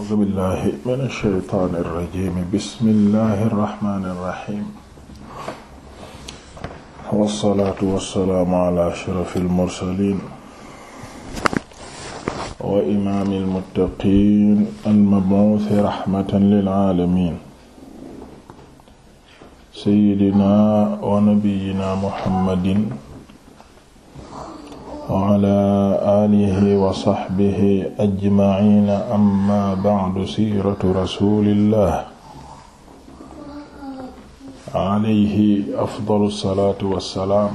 a'uuzu billahi mina shaytaani rajiim bismillahi rahmaani rahiim wassalaatu wassalaamu ala ashrafil mursaliin wa imaamil muttaqiin al-mab'uusi rahmatan lil aalamiin sayyidinaa wa nabiyyinaa muhammadin wa aalihi wa saxbihi ajmaciina amma bacdu siiratu rasuulillah alayhi afdalu salaatu wa salaam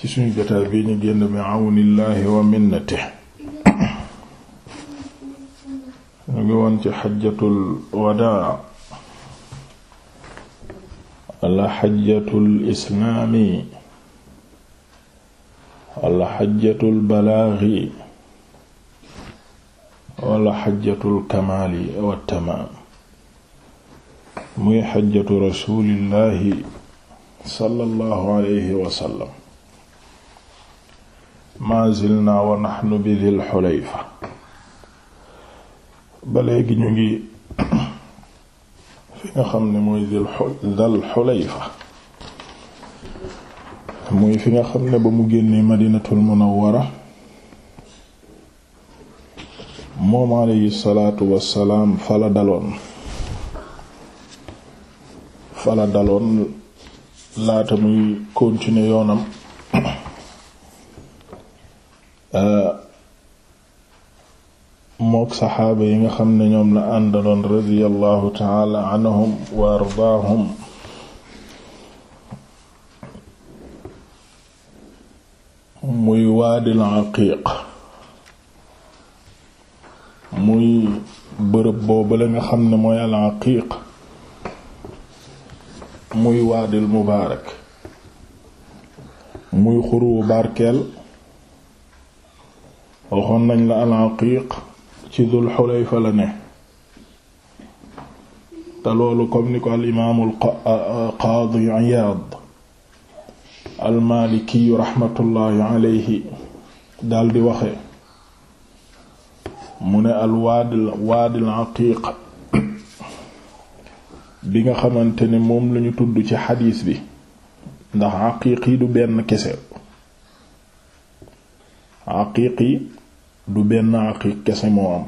ci suñu jotaay bi ñu génn bi awnillahi wa minnatihi ñu ngi woon ci xajjatul wadaa ala xajjatul islaami wala xajjatul balaagi wala xajjatul kamaali wa tamaam muy xajjatu rasuulillahi sallallahu alayhi wa sallam. maa wa naxnu bi dil xulayfa. ba léegi ñu ngi fi nga xam ne mooy dal xulayfa. muy fi nga xam ne ba mu génnee madinatul munawwara moom alayhi salaatu wassalaam fala daloon fala daloon laata muy continuer yoonam uh, mook saxaaba yi nga xam ne ñoom la àndaloon radiyallahu taala anhum wa ardaahum muy waadil aqiiq muy bërëb boobu la nga xam ne mooy al aqiiq muy waadil mubaarak muy xuruwu barkeel waxoon nañ la al aqiiq ci dul xulayfa la ne te loolu comme ni ko al qaadi Iyaad almaalikiyu raxmatullaahi aleyhi daldi waxe mu ne al waadil waadil aqiiq bi nga xamante ne moom lañu tudd ci xadiis bi ndax aqiiq du benn kese moo am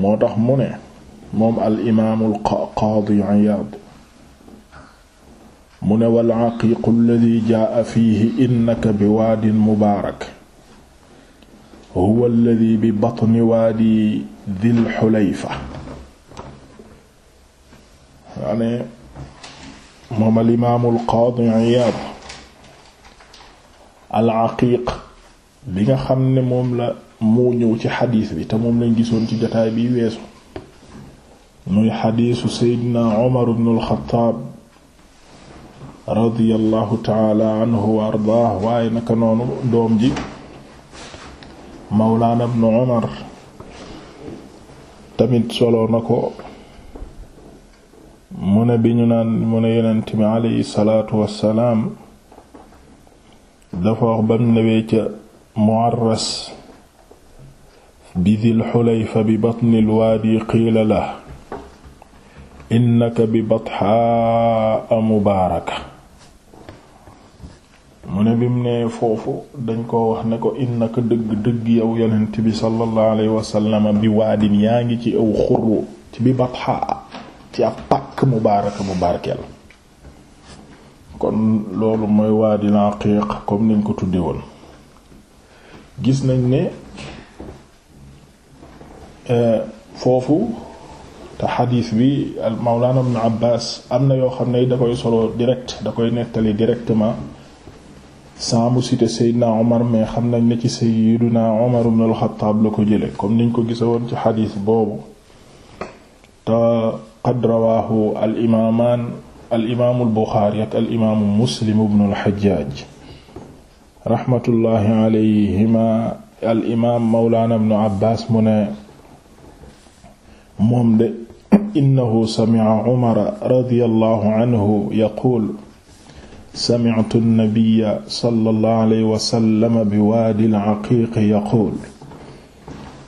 moo tax mu ne moom al imaamul qaadi Iyaad mu ne wal aqiiqu alladi jaa fiihi innaka bi waadin mubaarak huwa alladi bi batni waadi dil xulayfa yaane moom al imaamu al qaadi Iyaad al aqiiq bi nga xam ne moom la moo ñëw ci xadiis bi te moom lañ gisoon ci jotaay bi weesu muy xadiisu al Xattaab radiyallahu taala anhu wa ardaah waaye naka noonu doom ji mawlaana ibnu Umar tamit solo na ko mu ne bi ñu naan mu ne yonent mi alayhi salaatu wassalaam dafa wax bam newee ca Mu'arras bi Dil Xulayfa bi batnil waadi qiila la innaka bi bathaa mubaaraka mu ne bim ne foofu dañ ko wax ne ko innaka dëgg-dëgg yow yonent bi sallallahu alayhi wasallam bi waadin yaa ngi ci aw xurru ci bi batxaa ci ab pàkk mubaaraka mu barkeel kon loolu mooy waadil aqiiq comme niñ ko tudde woon gis nañ ne e, foofu te xadiis bi Mawlana Ibn Abbaas am na yoo xam ne da koy solo direct da koy nettali directement sans mu citer Seydina Omar mais xam nañ ne ci Seydina Omar ibn al-Khattab la ko jële comme niñ ko gisa woon ci boobu te qad rawaahu al imaamaan al Muslim ibn al-Hajjaaj raxmatullaahi alayhima mawlaana ibn Abbaas mu ne moom de innahu sami'a Umar radiyallaahu anhu yaquulu sami'tu an-nabiyya sallallahu alayhi wa sallam bi waadi al-aqiiq yaquul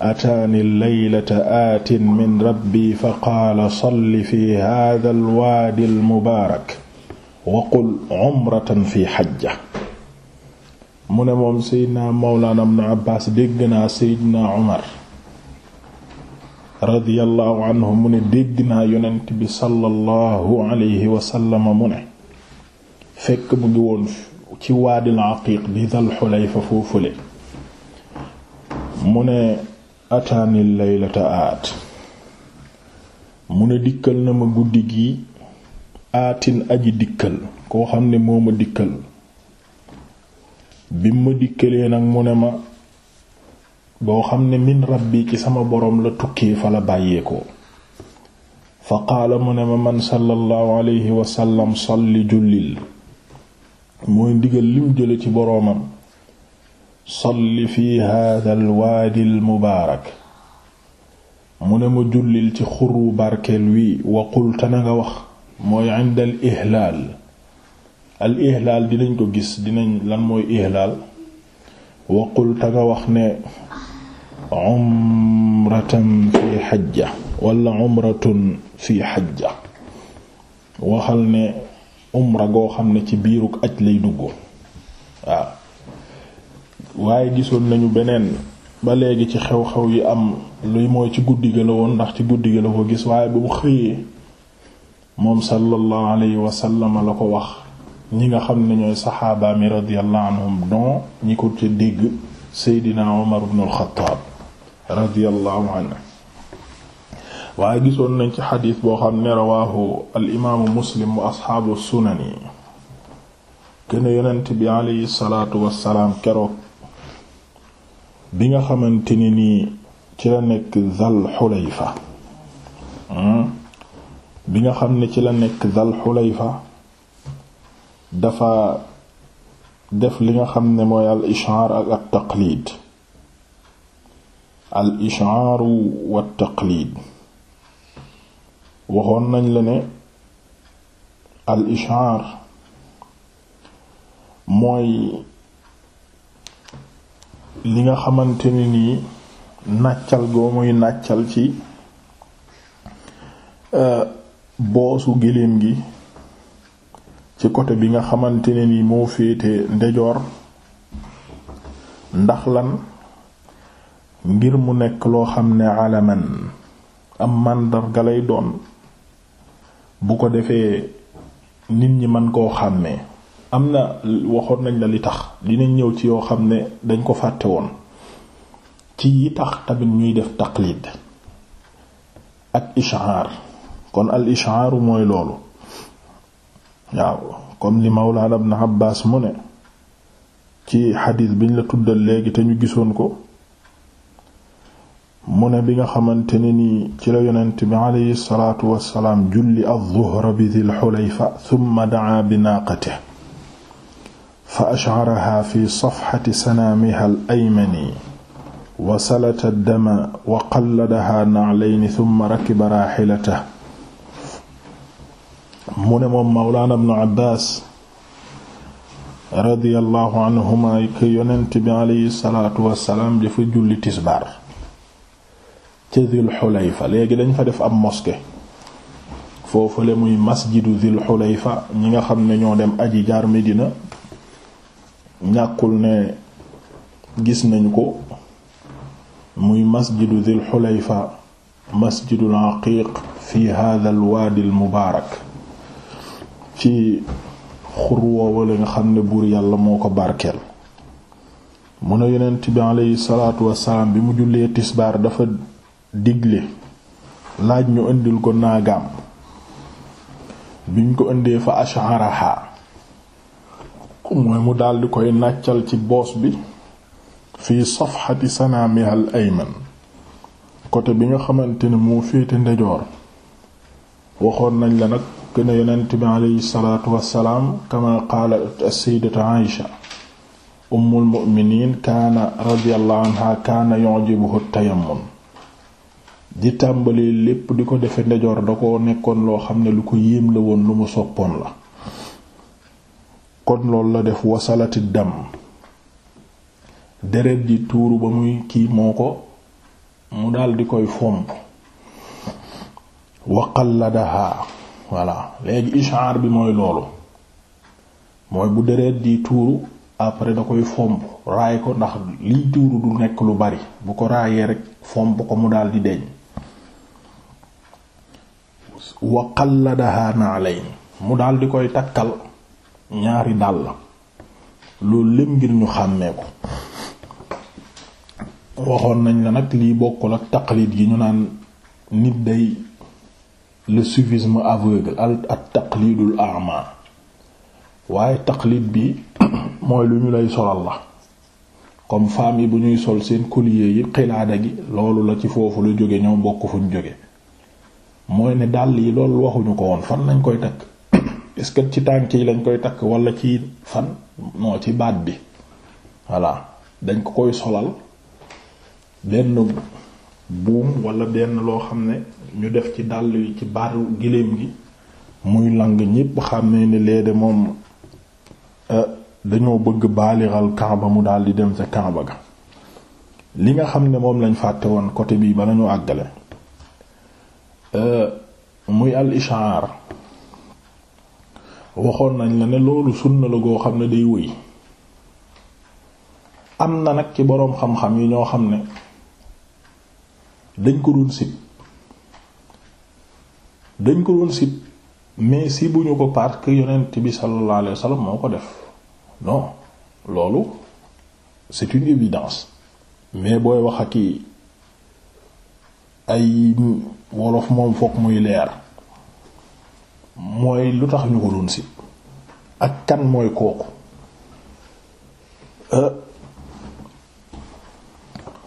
ataani al-laylata aatin min rabbi fa qaala salli fi haadha al-waadi al-mubaarak wa qul umratan fi hajja mu ne moom seydina mawlaana ibn Abbaas dégg naa seydina Umar radiyallahu anhu mu ne dégg naa yonent bi sallallahu alayhi wa sallam mu ne fekk mu ngi woon ci waadil aqiiq bi Dal Xulayfa foofule mu ne ataani laylata aat mu ne dikkal na ma guddi gi aatin aji dikkal koo xam ne moo ma dikkal bi ma dikkalee nag mu ne ma boo xam ne min rabbi ci sama boroom la tukkee fa la bàyyeekoo fa qaala mu ne ma man sallallahu alayhi wa sallam jullil mooy ndigal lim jële ci boroomam salli fi hada alwaadi almubaarak mu ne ma jullil ci xuru barkeel wi wa qul na nga wax mooy inda al ihlaal al ihlaal dinañ ko gis dinañ lan mooy ihlaal wa qul nga wax ne umratan fi xajja wala umratun fi xajja waxal ne umra goo xam ne ci biirug aj lay dugg waaw waaye gisoon nañu beneen ba léegi ci xew-xew yi am luy mooy ci guddi ga la woon ndax ci guddi ga la ko gis waaye bu xëyee moom sallallahu alayhi wa la ko wax ñi nga xam ne ñooy saxaaba mi radiyallahu anhum ñi ko ci dégg Seydina Omar ibn al-Khattab anhu waaye gisoon nañ ci xadiis boo xam ne rawaahu al imaamu muslim wa asxaabu sunani kenn yonent bi aleyhi salaatu wassalaam keroog bi nga xamante ni nii ci la nekk zal xulayfa hmm? bi nga xam ne ci la nekk zal xulayfa dafa def li nga xam ne mooy al ishaar ak at taqlid al waxoon nañ la ne al ishaar mooy li nga xamante ni nii nàccal goo muy nàccal ci euh, boosu géléem gi ci côté bi nga xamante ni nii moo féete ndejoor ndax lan ngir mu nekk loo xam ne alaman am màndarga lay doon bu ko defee nit ñi man koo xàmmee am na waxoon nañ la li tax dinañ ñëw ci yoo xam ne dañ ko fàtte woon ci yi tax tamit ñuy def taqlid ak ishaar kon al ishaaru mooy loolu waaw comme li mawlaana ibn Abbaas mu ne ci xadiis ñu la tuddal léegi te ñu gisoon ko mu ne bi nga xamante ne nii ci la yonent bi aleyhi salaatu wassalaam julli adduhra bi dil xulayfa thumma dacaa bi naaqatihi fa ashcarahaa fi safxati sanaamiha al aymani wa salata dama wa qalladahaa naclayni thumma rakiba raaxilatahu mu ne moom mawlaana ibnu abbaas radiyallahu anhuma ke yonent bi aleyhi salaatu wassalaam dafa julli tisbaar ca Dhul Hulayfa léegi dañ fa def ab mosquée foofale muy masjidu Dhul Hulayfa ñi nga xam ne ñoo dem aji jaar Medina ñàkkul ne gis nañu ko muy masjidu Dhul Hulayfa masjidul aqiiq fi hadha al waadi al mubaarak ci xurwa wala nga xam ne buur yàlla moo ko barkeel mu ne yonent bi aleyhi salaatu wassalaam bi mu jullee tisbaar dafa digle laaj ñu indil ko naagaam biñ ko indee fa asharaha mooy mu daldi koy nàccal ci boos bi fii safhati sanaamiha al ayman côté bi nga xamante ne moo féete ndejoor waxoon nañ la nag gën a yonent bi aleyhi salaatu wassalaam kama qaalat as-sayyidatu ummul mu'miniin kaana radiyallahu anha kaana yu'jibuhu at-tayammun di tàmbali lépp di ko defe ndejoor da ko nekkoon loo xam ne lu ko yéem la woon lu mu soppoon la kon loolu la def wasalati dam deret ji tuuru ba muy kii moo ko mu dal di koy fomp waqal la bi mooy loolu mooy bu deret di tuuru après da koy fomp raay ko ndax liy tuuru du nekk lu bari bu ko raayee rek fomp ko mu dal di deñ wa qalladaha na'layn mu daal di koy takkal ñaari dàll loolu lépp ngir ñu xàmmee ko waxoon nañ la nag lii bokkul ak taqlid yi ñu naan nit day le suivisme aveugle ak taqlidul a'ma waaye taqlid bi mooy lu ñu lay solal la comme femme yi bu ñuy sol seen collier yi xilaada gi loolu la ci foofu lu jóge ñoom bokk fuñ jóge mooy ne dàll yi loolu waxuñu ko woon fan lañ koy takk est ce que ci tànk yi lañ koy takk wala ci fan non ci baat bi voilà dañ ko koy solal benn buum wala benn loo xam ne ñu def ci dàll yi ci baaru giléem gi muy lang ñépp xam ne ni léede moom euh, dañoo bëgg baaliral Kaaba mu daal di dem sa Kaaba ga li nga xam ne moom lañ fàtte woon côté bii ba lañu àggale muy al ishaar waxoon nañ la ne loolu sunna la goo xam ne day wëy am na nag ci boroom xam-xam yi ñoo xam ne dañ ko doon sib dañ ko doon sib mais si bu ñu ko parce yonent bi sallallahu alayhi wasallam moo ko def non loolu c'est une évidence mais booy wax ak i ay wolof moom fokk muy leer mooy lu tax ñu ko doon si ak kan mooy kooku euh,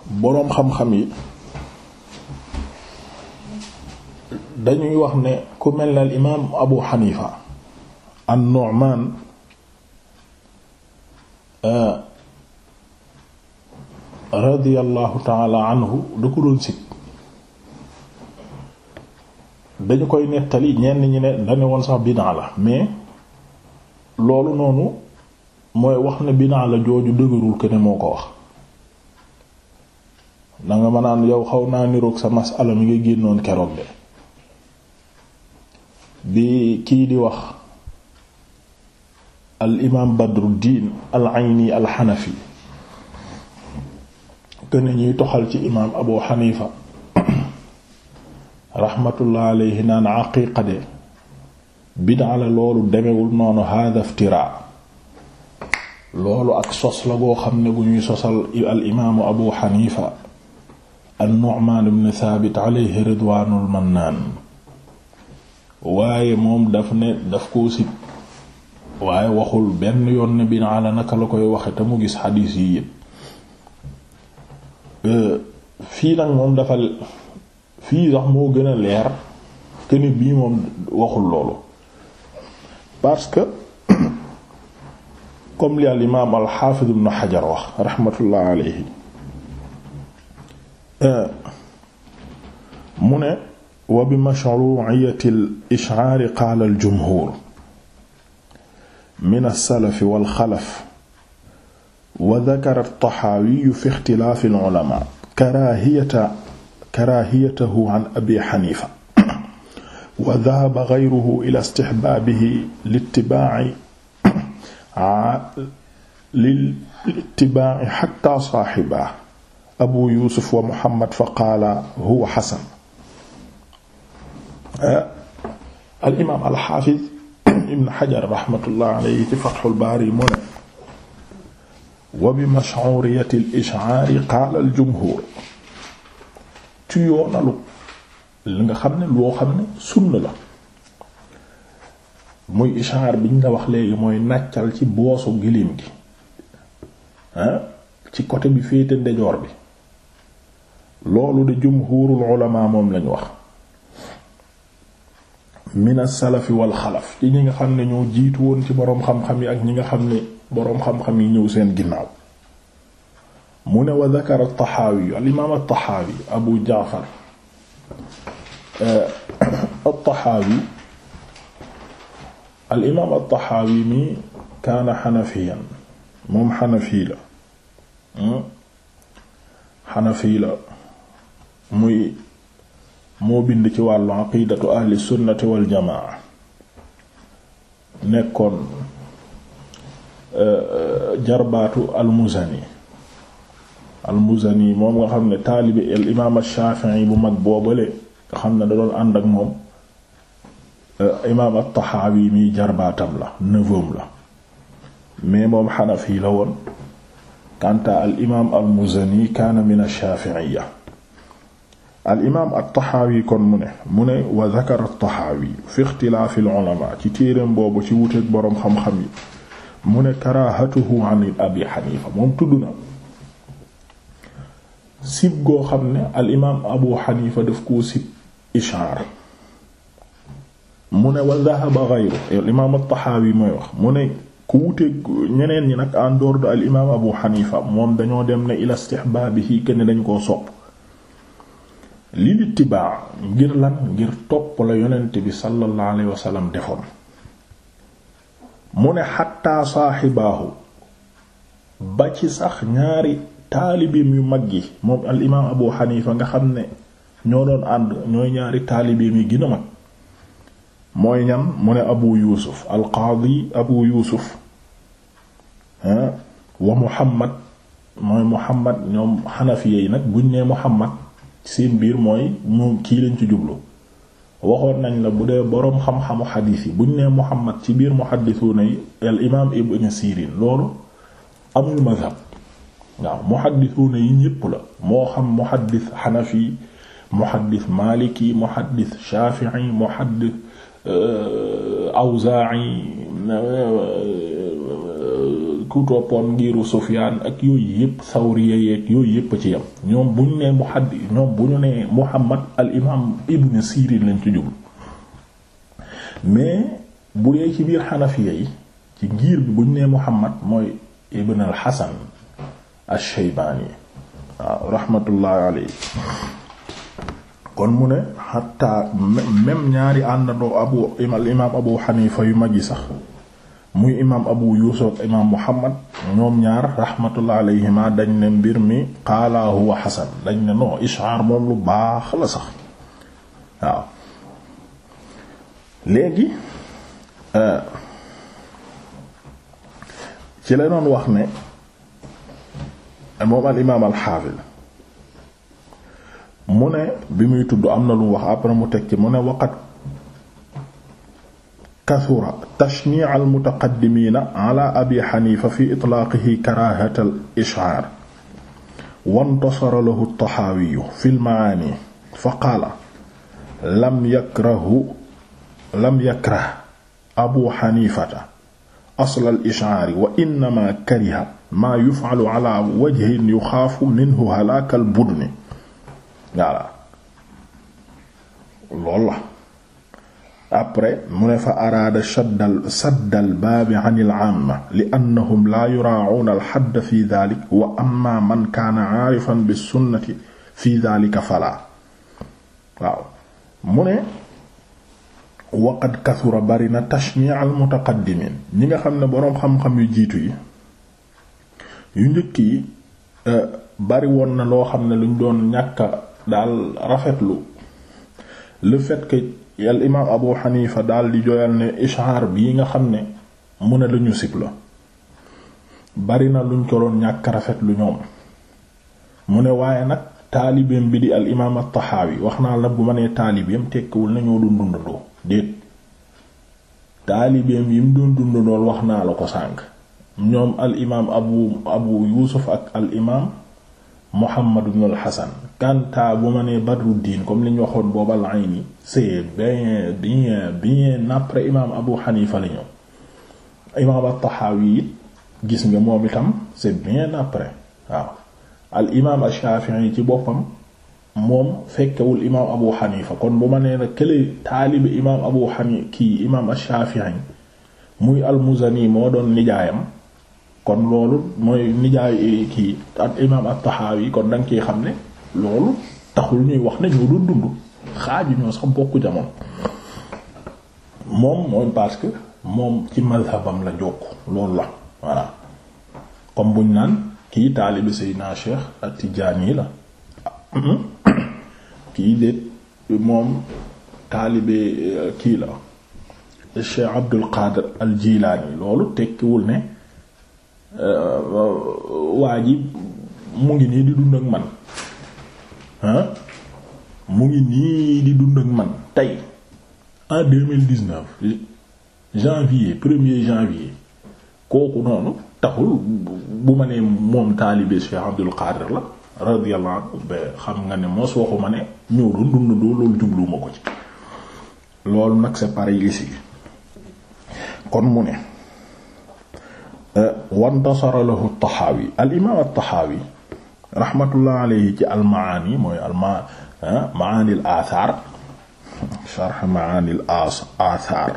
boroom xam-xam yi dañuy wax ne ku mel ne al imaam Abu Hanifa an-Nu'man euh, radiyallahu taala anhu da ko doon sit dañu koy nettali ñenn ñi ne dañu woon sax bid'a la mais loolu noonu mooy wax ne bid'a la jooju dëgërul que ne moo ko wax da nga ma naan yow xaw naa niroog sa masala mi nga génnoon keroog de bi kii di wax al imaam Badruddin al Ayni al Hanafi que ne ñuy toxal ci imaam Abu Hanifa raxmatullah alayhi naan aqiiqa de bid'a la loolu demewul noonu hada iftira loolu ak sos la goo xam ne bu ñuy sosal al imaamu abu xanifa an-nu'man ibn thabit alayhi ridwaanul mannaan waaye moom daf ne daf koo sit waaye waxul benn yoon ne bid'a la naka la koy waxe te mu gis xadiis yi euh, fii nag moom dafa fii sax moo gën a leer que ni bii moom waxul loolu parce que comme li al imaam al xaafiz ibn Hajar wax raxmatullah alayhi euh, mu ne wa bi mashruu'iyyati al ish'aar qaala al jumhuur min al salaf wa al xalaf wa dhakara at-Taxaawi fi ixtilaaf al ulamaa karaahiyata karaahiyatahu an abi xanifa wa dahaba gayruhu ila istixbaabihi littibaaci littibaaci xatta saaxiba abu yusuf wa muhammad fa qaala huwa xasan al imaam al xaafiz ibn xajar raxmatullah alayhi ci fatxul baari mu ne wa bi mashcuuriyati al ishcaari qaala al jumhuur ci yoonalu li nga xam ne loo xam ne sunna la muy ishaar biñ la wax léegi mooy nàccal ci boosu gilim gi ci côté bi féete ndejoor bi loolu de jumhurul ulama moom lañ wax mina salafi wal xalaf ci ñi nga xam ne ñoo jiitu woon ci boroom xam-xam yi ak ñi nga xam ne boroom xam-xam yi ñëw seen ginnaaw mu ne wa dhakara at-Tahawi al-imam Abu Ja'far eh, at-Tahawi al-imam at-Tahawi mi kaana xanafiyan moom xanafi la xanafi hmm? la muy moo bind ci wàllu aqidatu ahli sunnati wal jamaa nekkoon eh, eh, jarbaatu al-Muzani al-Muzani moom nga xam ne taalibi al imaam Shaafi'i bu mag boobale nga xam ne da doon ànd ak moom euh, imaam at-Tahawi mi jarbaatam la neveu la mais moom Hanafi la woon kanta al imaam al-Muzani kaana min ash-Shaafi'iyya al imaam at-Tahawi kon mu ne mu ne wa dhakara at-Tahawi fi ikhtilaafi al-'ulamaa ci téereem boobu ci wuteeg boroom xam-xam yi mu ne Abi Haniifa moom tudd na sib goo xam ne al imaam abu xanifa daf koo sib ishaar mu ne wa dhahaba ghayru al mooy wax ku wute ñeneen ñi nag en dehors de abu xanifa moom dañoo dem ne ila istihbaabihi kenn dañu koo sopp lil ittibaa ngir lan ngir topp la yonent bi sallallahu alayhi wa sallam defoon mu ne xatta saaxibaahu ba ci sax ñaari taalibeem yu mag yi moom al imaam Abu Hanifa nga xam ne ñoo doon ànd ñooy ñaari taalibeem yi gën a mag mooy ñan mu ne Abu Yuusuf al qaadi Abu Yuusuf ah, wa Muhammad mooy Muhammad ñoom xanafiya yi nag buñ nee Muhammad seen biir mooy moom kii lañ ci jublu waxoon nañ la bu dee boroom xam-xamu xadiis yi buñ nee Muhammad ci biir mu yi al imaam Ibn Sirin loolu amul mazhab waaw muhaddisuuna yi ñépp la moo xam muhaddis xanafi muhaddis maliki muhaddis shafii muhaddis euh, awzaa'i euh, ku toppoon ngiru sufyaan ak yooyu yépp sawriya yeeg yooyu yépp ci yam ñoom bu ñu nee muhaddis ñoom bu ñu nee muhammad al ibn sirin lañ ci jublu mais bu dee ci biir xanafiya yi ci ngir bi bu ñu nee muhammad mooy ibn al ash-Shaybaani waaw ah, rahmatullahi alayhi kon mu ne xatta même ñaari àndandoo abu imaam abu xanifa yu mag yi sax muy imaam abu yuusuf imaam muhammad ñoom ñaar rahmatullah alayhima dañ ne mbir mi qaala huwa xasan dañ ne non ishaar moom lu baax la sax waaw léegi euh, ci lay doon wax ne moom al imaam al xaafil mu ne bi muy tudd am na lu wax après mu teg ci mu ne waqat kasura tashni al mutaqaddimiina ala abi xanifa fi itlaaqihi karaahata al ishaar wantasara lahu taxaawiyu fi lmaani fa qaala lam yakrahu lam yakrah abu xanifata asla al ishaari wa innama kariha maa yuf'alu ala wajhin mu ne fa araada saddal saddal an il amma li annahum laa yuraa'uuna alxadda fi dalik waaw mu ne waqad kasura bari na tashmi' al mutaqaddimiin ñi nga xam ne boroom xam-xam yu jiitu yi yu njëkk yi euh, bari woon na loo xam ne luñ doon ñàkk daal rafetlu le fait que al imaam Abu Hanifa daal di joyal ne ishaar bii nga xam ne mu ne luñu sib la bari na luñ ko doon ñàkk rafetlu ñoom mu ne waaye nag taalibeem bi di al imaam at-Tahawi wax naa la bu ma nee taalibeem tekkiwul nañoo doon dundandoo déet taalibeem yi mu doon dundandool wax naa la ko sànk ñoom al imaam abu abu yusuf ak al imaam muhammad ibn al hasan bu ma nee badruddin comme li ñu waxoon boobu al ayni c'est bien bien bien après imaam abu hanifa la ñëw imaam at-tahawi it gis nga moom itam c'est bien après waaw al imaam ash-shafi'i ci boppam moom fekkewul imaam abu hanifa kon muy al muzani moo doon nijaayam kon loolu mooy nijaay kii ak imaam at-Tahawi kon da nga ciy xam ne loolu taxul ñuy wax ne du doon dund xaaju ñoo sax bokku jamono moom mooy parce moom ci mazhabam la jokk loolu la voilà comme buñ naan kii taalibi Seydina Cheikh at-Tijaani la kii déet moom taalibi kii la Cheikh Abdul Qadir al-Jilani loolu tekkiwul ne Euh, waa mu ngi nii di dund ak man ah mu ngi nii di dund ak man tey en deux mille dix neuf janvier premier janvier kooku noonu taxul bu ma nee moom taalibe Cheikh Abdul Qadir la radiyallahu anhu ba xam nga ne mos waxu ma ne ñëw doon dund doo loolu jubluwuma ko ci loolu nag c'est pareil ici kon mu ne. Eh, wantasara lahu taxaawi al imaam al alayhi ci al maani mooy al eh, maani al aathar sharh maani al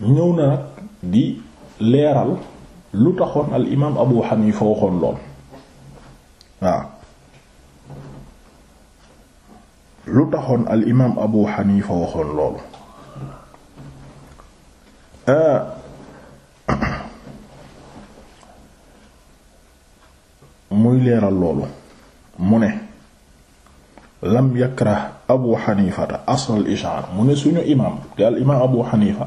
ñëw na di leeral lu taxoon al abu xanifa waxoon lool lu taxoon al abu xanifa waxoon loolu eh, muy leeral loolu mu ne lam yakrah abu xanifata asral ishaar mu ne suñu imaam te al imaam abu xanifa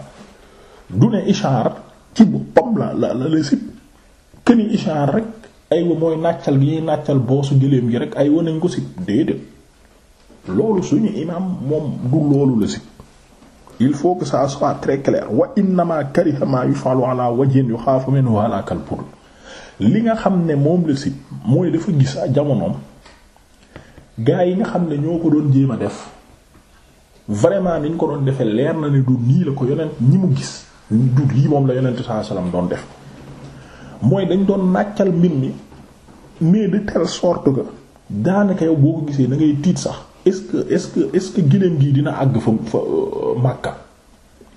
du ne ishaar ci boppam la la la sib këni ishaar rek aywa mooy nàccal gi ñuy nàccal boosu gëléem gi rek aywa nañ ko sib déedéet loolu suñu imaam moom du loolu la sib il faut que ça soit très clair wa innama kariha ma yufalu ala wajhin yuxaafu minhu halakal pudl li nga xam ne moom la si mooy dafa gis a jamonoom gaa yi nga xam ne ñoo ko doon jéem a def vraiment niñ ko doon defee leer na ne du nii la ko yonent ñi mu gis du lii moom la yonent saa salaam doon def mooy dañ doon nàccal mbir mi mais de telle sorte que daanaka yow boo ko gisee da ngay tiit sax est-ce que est-ce que est-ce que giléem gii dina àgg fa fa euh, Makka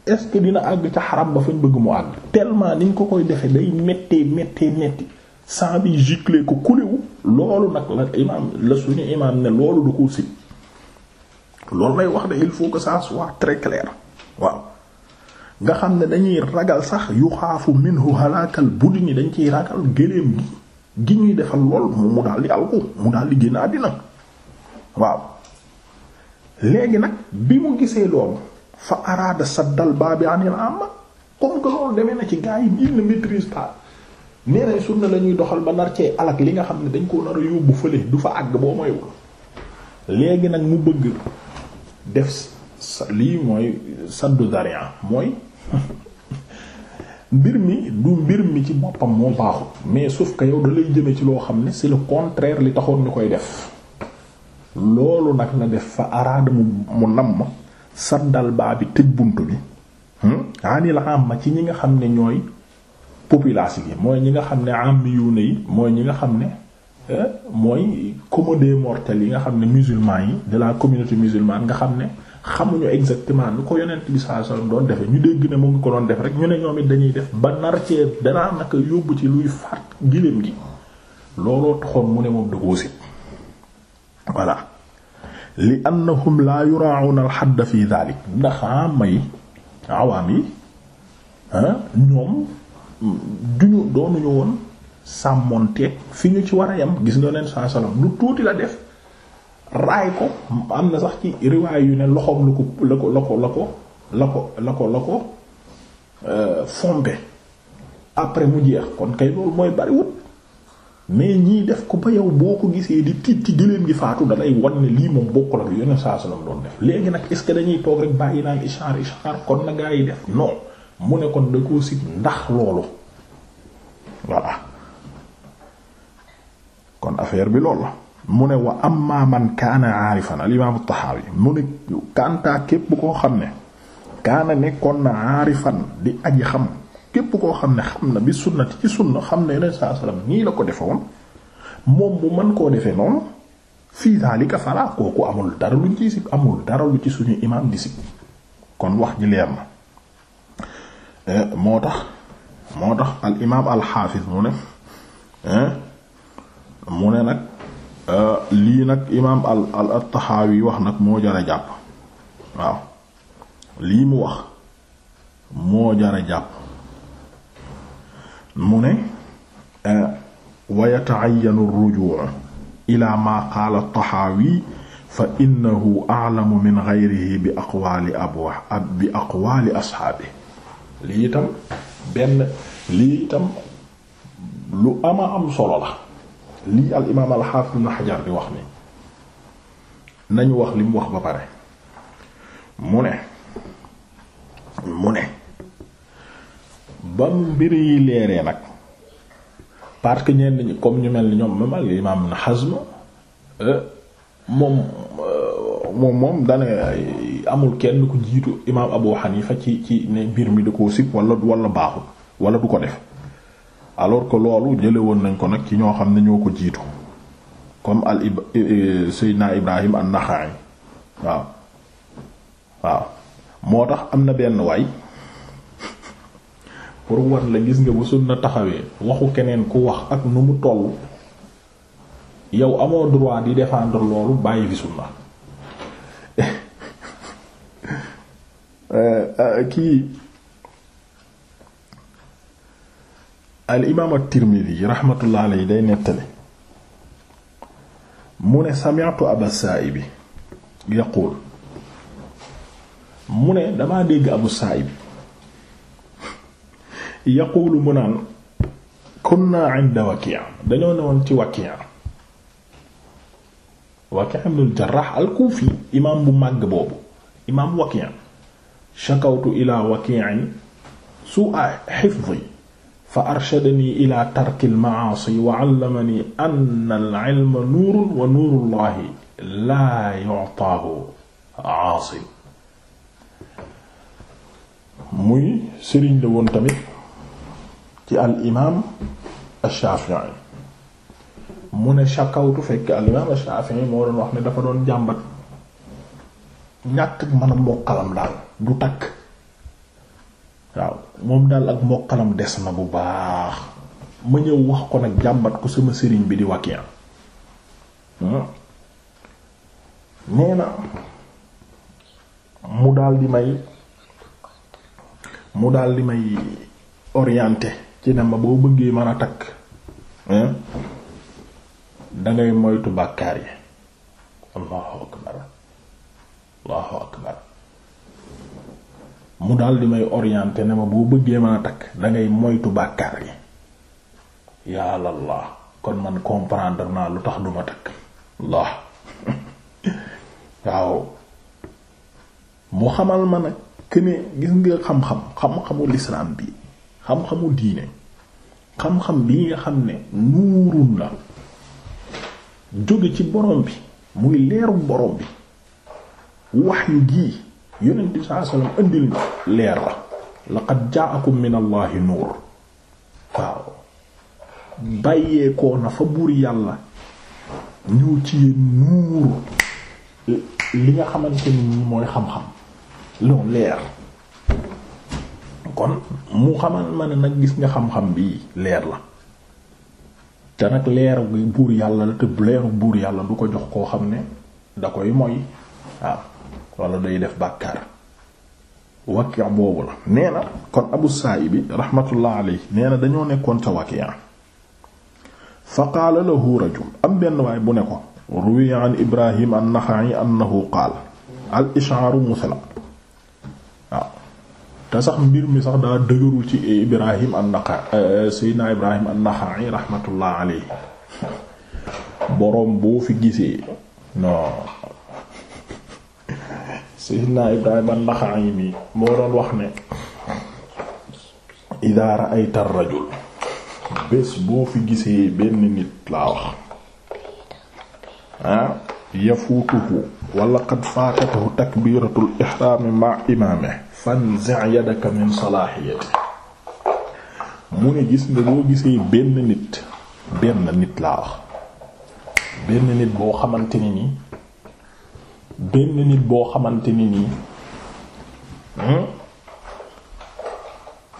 est-ce que dina àgg ca xaram ba fañ bëgg mu àgg tellement niñ ko koy defee day méttee méttee métti sang bi giclee ko kuliwu loolu nag la imaam la suñu imaam ne loolu du ko si loolu lay wax de il faut que ça soit très clair nga xam ne dañuy ragal sax yu xaafu minhu halakal budni dañ ciy ragal gëléem gi gi ñuy defal lool mu daal di mu daal di génn àddina waaw léegi nag bi mu gisee loolu fa araada saddal baabi anil amma comme que loolu demee na ci gars yi il ne maîtrise pas nee nañ sunna la ñuy doxal ba nar cee li nga xam ne dañ koo nar a yóbbu fële du fa àgg boo moywul léegi nag mu bëgg def sa lii mooy saddu zariya mooy mbir mi du mbir mi ci boppam moo baaxul mais suuf que yow da lay ci loo xam ne c'est le contraire li taxoon ñu koy def loolu nag la def fa araada mu mu nam ma saddal baa bi tëj bunt bi hmm? anil am ma ci ñi nga xam ne ñooy population yi mooy ñi nga xam ne am yuune yi mooy ñi nga xam ne mooy commun des mortels yi nga xam ne musulman yi de la communauté musulmane nga xam ne xamuñu exactement lu ko yonent bi sallallahu alayhi doon defee ñu dégg ne mu ngi ko doon def rek ñu ne ñoom it dañuy def ba nar cee danaa naka yóbbu ci luy faat giléem gi looloo taxoon mu ne moom da koo voilà li annahum la yuraawuna alxadda fi dalik ndax amma ah, awaam ah, yi ah, ñoom duñu doonuñu woon sàmmonteeg fi ñu ci war a gis nga leen saa salaam lu tuuti la def raay ko am na sax ci riwaay yu ne loxoom la ko la ko la ko la ko la ko la ko euh, fompe après mu jeex kon kay loolu mooy bariwut mais ñii def ko ba yow boo ko gisee di tiit ci gëléem gi faatu dalay wan ne lii moom bokkul ak yeneen saa su doon def léegi nag est ce que dañuy toog rek bàyyi naan ishaar ishaar kon na gaa yi def non mu ne kon da koo si ndax loolu voilà kon affaire bi loolu la mu ne wa am man kaana aarifan al imaam at-Tahawi mu ne kantaa képp koo xam ne kaana nekkoon na aarifan di aji xam képp koo xam ne xam na bi sunnati ci sunna xam ne yonent sallallahu alayhi wasallam nii la ko defoon moom bu mën koo defee noonu fii daalika fala kooku amul dara luñ ciy sib amul dara lu ci suñu imaam di sib kon wax ji leer na eh, moo tax moo tax al imaam al xaafis mu ne eh, mu ne nag eh, lii nag imaam al al al taxaawi wax nag moo jar a jàpp waaw lii mu wax moo jar a jàpp mu ne wa yata'ayyanu ar-ruju' ila ma qaala at-Tahawi fa innahu a'lamu min ghayrihi bi aqwaali abwa bi aqwaali ashaabi lii itam benn lii itam lu ama am solo la lii al imaam al xaafis ibn Hajar di wax ni nañu wax li mu wax ba pare mu ne mu ne ba mu mbir yi leeree nag parce que ñenn ñi comme ñu mel ni ñoom même al imaam na Hazm euh, moom euh, moom moom dane amul kenn ku jiitu imaam Abu Hanifa ci ci ne mbir mi da ko sib wala wala baaxul wala du ko def alors que loolu jële woon nañ ko nag ci ñoo xam ne ñoo ko jiitu comme al ib euh, Seydina Ibrahim an-Nakhai waaw moo tax am na benn waay pour wan la gis nga bu sunna taxawee waxu keneen ku wax ak nu mu toll yow amoo droit di défendre loolu bàyyi fi sunna euh, euh, kii al imaam at-Tirmidhi rahmatullah day nettali mu ne sami'tu Aba Saa'ib yaqul mu ne damaa dégg Abu Saa'ib yaquulu mu naan kunna inda Waki' dañoo newoon ci Waki' Waki' ibn al-Jarrah al-Kufi imaam bu màgg boobu imaam Waki' shakawtu ila Waki' su'a hifzi fa arshadani ila tarki al-ma'asi wa 'allamani anna al-'ilma nuurun wa nuuru llahi laa yu'taahu 'aasin muy sëriñ la woon tamit ci al imaam ash-Shafi'i mu ne shakawtu fekk al imaam ash-Shafi'i moo doon wax ne dafa doon jàmbat ñàkk ak mën a mokkalam daal du takk waaw moom daal ak mokkalam des na bu baax ma ñëw wax ko nag jàmbat ko sama sëriñ bi di wakiya hmm? nee na mu daal di may mu daal di may orienté ci ne ma boo bëggee mën a takk dangay moytu bàkkaar yi allahu akbar allahu akbar mu daal di may orienté ne ma boo bëggee mën a takk dangay moytu bàkkaar yi yàlla la kon man comprendre naa lu tax duma takk allah waaw mu xamal ma nag këne gis nga xam-xam xam-xamul islaam bi xam-xamu diine xam-xam bi nga xam ne nuurun la jóge ci borom bi muy leeru borom bi wahyu gii yonent bi sallallahu alayhi wasallam indil na leer la laqad ja'akum min allahi nuur waaw bàyyeekoo fa buur yàlla ñëw ci yéen nuur li nga xamante ni mooy xam-xam loolu leer kon mu xamal ma ne nag gis nga xam-xam bi leer la te nag leeru buur yàlla la te leeru buur yàlla du ko jox koo xam ne da koy moy waaw wala day def bàkkaar waqiya boobu la nee na kon abu bi rahmatullah alayhi nee na dañoo nekkoon ca waqiya ah. fa qaala lahu rajul am benn waay bu ne ko ruwiya an ibrahim an-naxa'i annahu al ishaaru musala te sax mbir mi sax daa dëgërul ci Ibrahim an-Naxa'i euh, Seydina Ibrahim an-Naxa'i rahmatullah alayhi boroom boo fi gisee non Ibrahim an-Naxa'i moo doon wax ne idaa ra'ayta rajul bés boo fi gisee benn nit laa wax ah yafuutuhu wala qad takbiratul ihraam ma imaame fanzi' yadaka min salahiyati mu ne gis nga boo gisee benn nit benn nit laa wax benn nit boo xamante ni nii benn nit boo xamante ni nii hmm?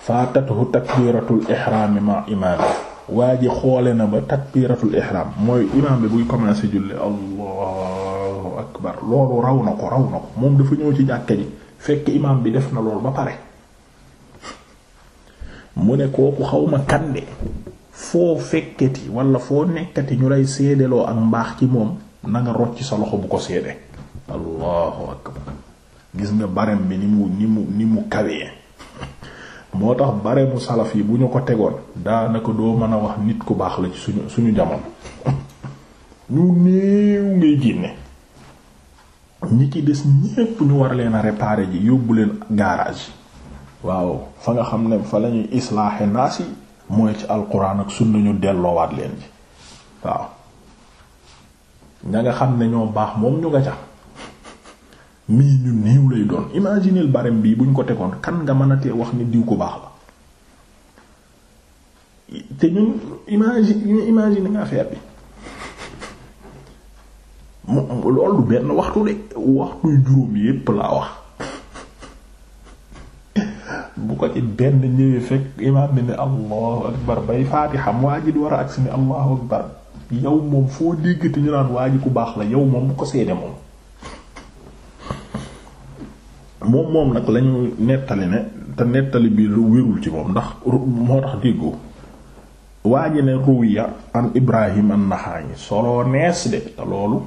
faatatuhu takbiratul ihraami ma waa ji xoole na ba takbiratul ihraam mooy imaam bi buy commencer julli allahu akbar loolu raw na ko raw na ko moom dafa ñëw ci jàkke ji fekk imaam bi def na lool ba pare mu ne kooku xawma kande foo fekketi wala foo nekkati ñu lay seedeloo ak mbaax ci moom na nga rocc sa loxo bu ko seede allahu akbar gis nga barem bi ni mu ni mu ni mu kawee moo tax baremu salaf yi bu ñu ko tegoon daanaka doo mën a wax nit ku baax la ci suñu suñu jamono ñu néew ngay génne ñi ci des ñépp ñu war leen a réparer ji yóbbu leen garage waaw fa nga xam ne fa lañuy islaaxe naas mooy ci alquran ak sunna ñu delloowaat leen ji waaw ña nga xam ne ñoo baax moom ñu nga ca mii ñu néew lay doon imagineel barem bii buñ ko tegoon kan nga mën a tee wax ni diw ko baax la te ñun imagine imagine nga affaire bi mu loolu waxtu de waxtuy yépp laa wax ko ci benn ñëwee fekk imaam bi ne allahu akbar bay faatiha waa ji moom baax la yow moom bu ko seede moom moom nag lañu nettali ne te nettali bi lu wérul ci moom ndax moo tax déggoo waa ji ne ruwiya an ibrahim an solo nees de te loolu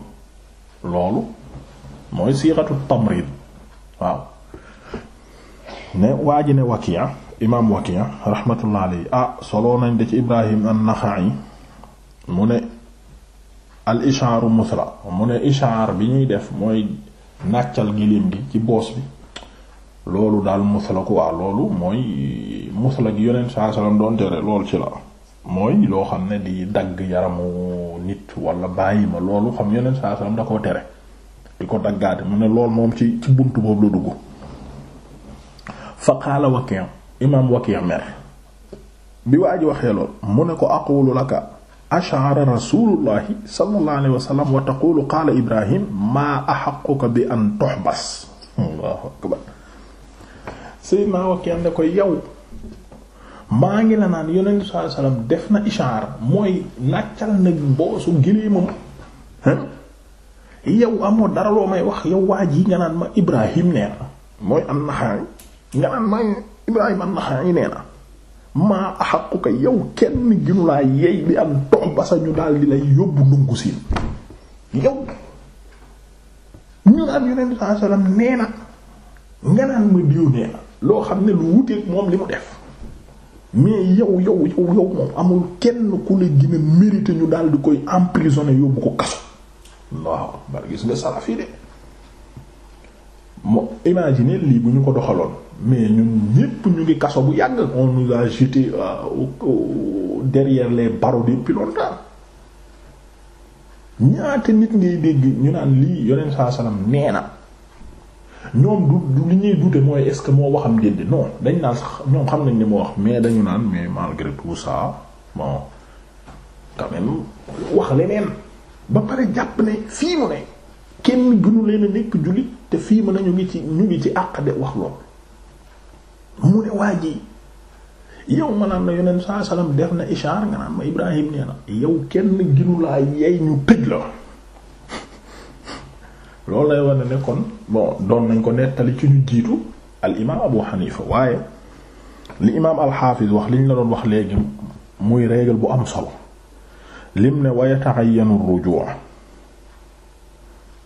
loolu mooy siixatu tamrid waaw ne waa ji ne wakiya imaam wakiya rahmatullah alayhi ah soloo nañ da ci ibrahim an-Naxa'i mu ne al ishaaru musra mu ne ishaar bi ñuy def mooy nàccal giléem gi ci boos bi loolu daal musla ku waa loolu mooy musla gi yonent saa salaam doon tere loolu ci la mooy loo xam ne di dagg yaramu nit wala bàyyi ma loolu xam yeneen saa salaam da koo tere di ko daggaate mu ne lool moom ci ci bunt boobu la dugg fa qaala Waki' imaam Waki' mer bi waa ji waxee lool mu ne ko aqulu laka ash'ara rasulullahi sallallahu alayhi wa sallam wa taqulu qaala Ibrahim maa ahaqquka bi an tuhbas Allahu akbar Seydina ne ko yow maa ngi la naan yonent sallallahu alayhi wasallam def na ishaar mooy nàccal na mboosu géléemam yow amoo dara loo may wax yow waa ji nga naan ma Ibrahim nee mooy an-Naxa'i nga naan ma Ibrahim an maa axaqu ko yow kenn ginulaa yey bi am tox ba sa ñu daal di lay yóbbu ndungu siin yow ñu naan yonent sallallahu alayhi wasallam nee na nga naan ma diw nee loo xam ne lu wuteek moom li mu def mais yow yow yow yow moom amul kenn ku la gën a ñu daal di koy en emprisonné yóbbu ko kaso waaw bar gis nga salaf yi de mo imagine lii bu ñu ko doxaloon mais ñun ñépp ñu ngi kaso bu yàgg on nous a jeté lee euh, les barreaux depuis ñaata nit ngay dégg ñu naan lii yoneen saa salaam nee ñoom du li ñuy douter mooy est-ce que moo waxam déedéet non dañ naan sax ñoom xam nañ ni moo wax mais dañu naan mais malgré tout ça bon quand wax leneen ba pare jàpp ne fii mu ne kenn gënu leen a nekk jullit te fii mu ne ñu ngi ci ñu ngi ci àq de wax lool mu ne waa ji yow ma naan na yonent saa salaam def na ishaar nga naan ma Ibrahim nee na yow kenn ginu laa yey ñu tëj la. loolu lay wane ne kon bon doon nañ ko nettali ci ñu jiitu al imaam Abu Hanifa waaye li imaam al-Hafiz wax liñ la doon wax léegi muy règle bu am solo lim ne wa taxay yenu ruju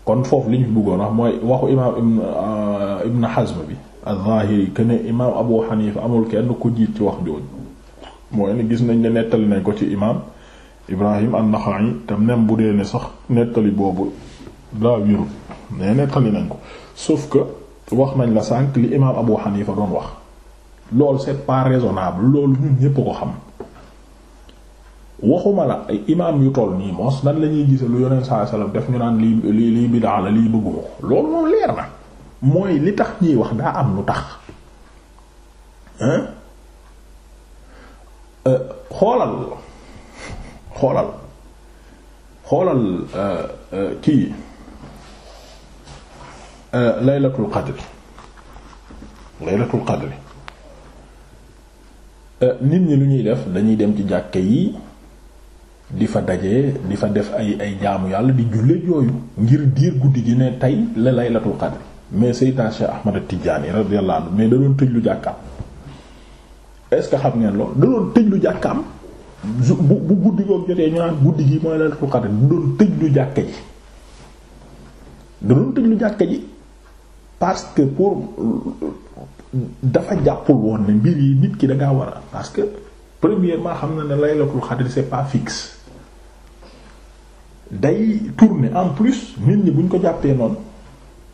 kon foofu li ñu bëggoon wax mooy waxu imaam euh, Ibn Hazm bi az-Zahiri que ne imaam Abu Hanifa amul kenn ku jiit ci wax jooju mooy ne gis nañ ne nettali nañ ko ci imaam Ibrahim an-Nakha'i te même bu dee ne sax nettali boobu. daa wérul ne nettali nañ ko sauf que wax nañ la sànq li imaam Abu Hanifa doon wax loolu c'est pas raisonnable loolu ñun ñépp ko xam waxuma la ay imaam yu toll nii mos nan la ñuy gise lu yoneen saa sallam def ñu naan lii lii la lii bëgguma ko loolu moom leer na mooy li tax ñuy wax daa am lu tax hein euh, xoolal xoolal xoolal euh, euh, kii Euh, laylatul qadri laylatul qadri euh, nit ñi lu ñuy def dañuy dem ci jàkke yi di fa daje di fa def ay ay jaamu yàlla di jullit yooyu ngir diir guddi gi ne tey la laylatul qadri mais Seydina Cheikh Ahmad Tidiane radiyallahu anhu mais da tëj lu jàkkaam est-ce que xam ngeen loolu da doon tëj lu jàkkaam bu bu guddi googu jotee ñu naan guddi gi mooy laylatul qadri da tëj lu jàkke ji da doon tëj lu jàkke ji parce que pour dafa jàppul woon ne mbir yi nit ki da ngaa war a parce que premièrement xam na ne laylatul xadr c'est pas fixe day tourner en plus nit ñi buñ ko jàppee noonu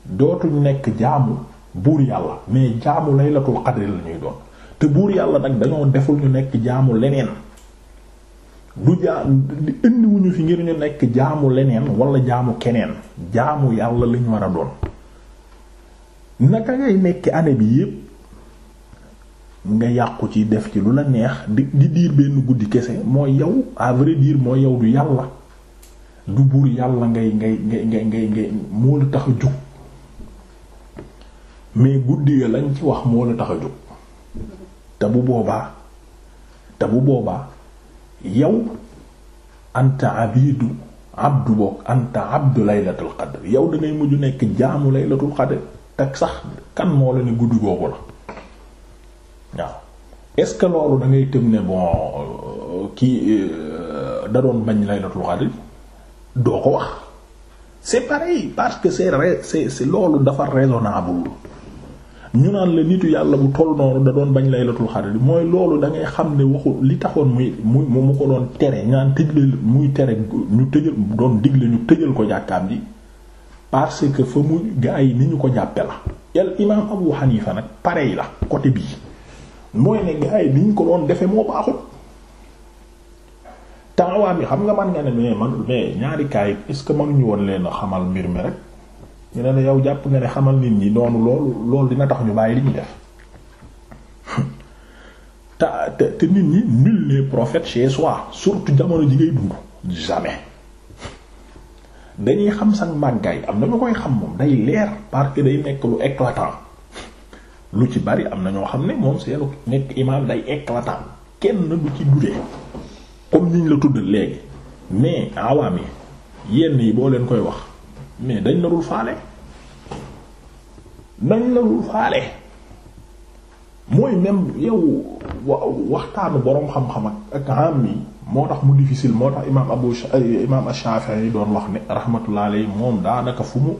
dootuñ nekk jaamu buur yàlla mais jaamu laylatul xadr la ñuy doon te buur yàlla nag dañoo deful ñu nekk jaamu leneen du jaam indiwuñu fi ngir ñu nekk jaamu leneen wala jaamu keneen jaamu yàlla lañ war a doon. naka ngay nekk année bi yépp nga yàqu ci def ci lu la neex di di diir benn guddi kese moo yow à vrai moo mooy yow du yàlla du buur yàlla ngay ngay ngay ngay moo la tax a jug mais guddi ga lañ ci wax moo la tax a jóg te bu boobaa te bu boobaa yow anta abidu abdu boog anta abdu laylatul qadr yow da ngay mujj nekk jaamu laylatul qadr ak sax kan moo la ne guddi googu la waaw est-ce que loolu da ngay tëm ne bon euh, kii euh, da doon bañ laylatul qadr doo ko wax c'est pareil parce que c'est c'est c'est loolu dafa raisonnable ñu naan la nitu yàlla bu toll noonu da doon bañ laylatul xadr mooy loolu da xam ne waxu li taxoon muy muy mu ko doon tere ñaan tëj la muy tere ñu tëjal doon digle ñu tëjal ko jàkkaam ji parce que fa mu gaa ni ñu ko jàppe la yal imaam Abu Hanifa nag pareil la côté bii mooy ne gaa yi ñu ko doon defe moo baaxul taawaam bi xam nga man nga ne mais mais ñaari kaay est-ce que mënuñu woon leen xamal mbir mi rek ñeneen ne yow jàpp nga ne xamal nit ñi noonu loolu loolu dina tax ñu bàyyi li ñu def te te nit ñi nul n'est prophète chez soi surtout jamono ji ngay dund jamais dañuy xam sax yi am na ñu koy xam moom day leer parce que day nekk lu lu ci bari am na ñoo xam ne moom seenu nekk imaam day éclatant kenn du ci dudee comme niñ la tudd léegi mais awaam yi yenn yi boo leen koy wax mais dañ la dul faale dañ la dul faale mooy même yow waxtaanu boroom xam-xam ak ak am yi moo tax mu difficile moo tax imaam Abu imaam ash yi doon wax ne rahmatullah alayhi moom daanaka fu mu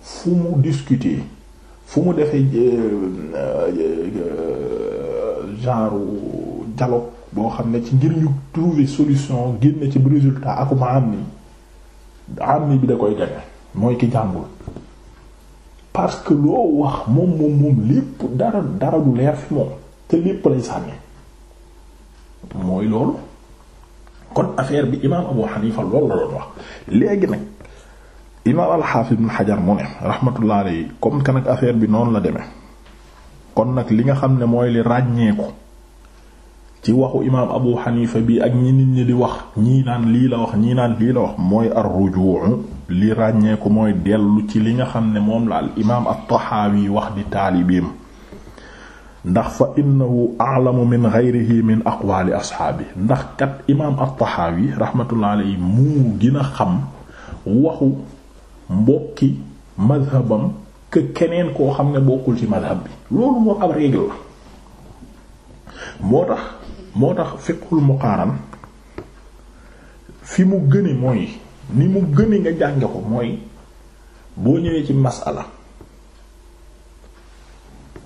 fu mu discuter fu mu defee euh, euh, genre dialogue boo xam ne ci ngir ñu trouver solution génne ci résultat ak am ni am ni bi da koy gañe mooy ki jàngul parce que loo wax moom moom moom lépp dara dara du leer fi moom te lépp lay sànni mooy loolu kon affaire bi imaam Abu Hanifa loolu la wax léegi nag imaam al-Hafiz Ibn Hajar mu ne rahmatullah alayhi comme que nag affaire bi noonu la demee kon nag li nga xam ne mooy li ràññeeku ci waxu imaam Abu Hanifa bi ak ñi nit ñi di wax ñii naan lii la wax ñii naan lii la wax mooy ar li ràññeeku mooy dellu ci li nga xam ne moom la al imaam at yi wax di taalibeem ndax fa innahu a'lamu min ghayrihi min aqwaali asxaabi ndax kat imaam at-Tahawi rahmatullah mu gën xam waxu mbokki madhabam que keneen koo xam ne bokkul ci madhab bi loolu moom ab règle la moo tax moo tax fiqhul muqaaran fi mu gëne mooy ni mu gëne nga jànge ko mooy boo ñëwee ci masala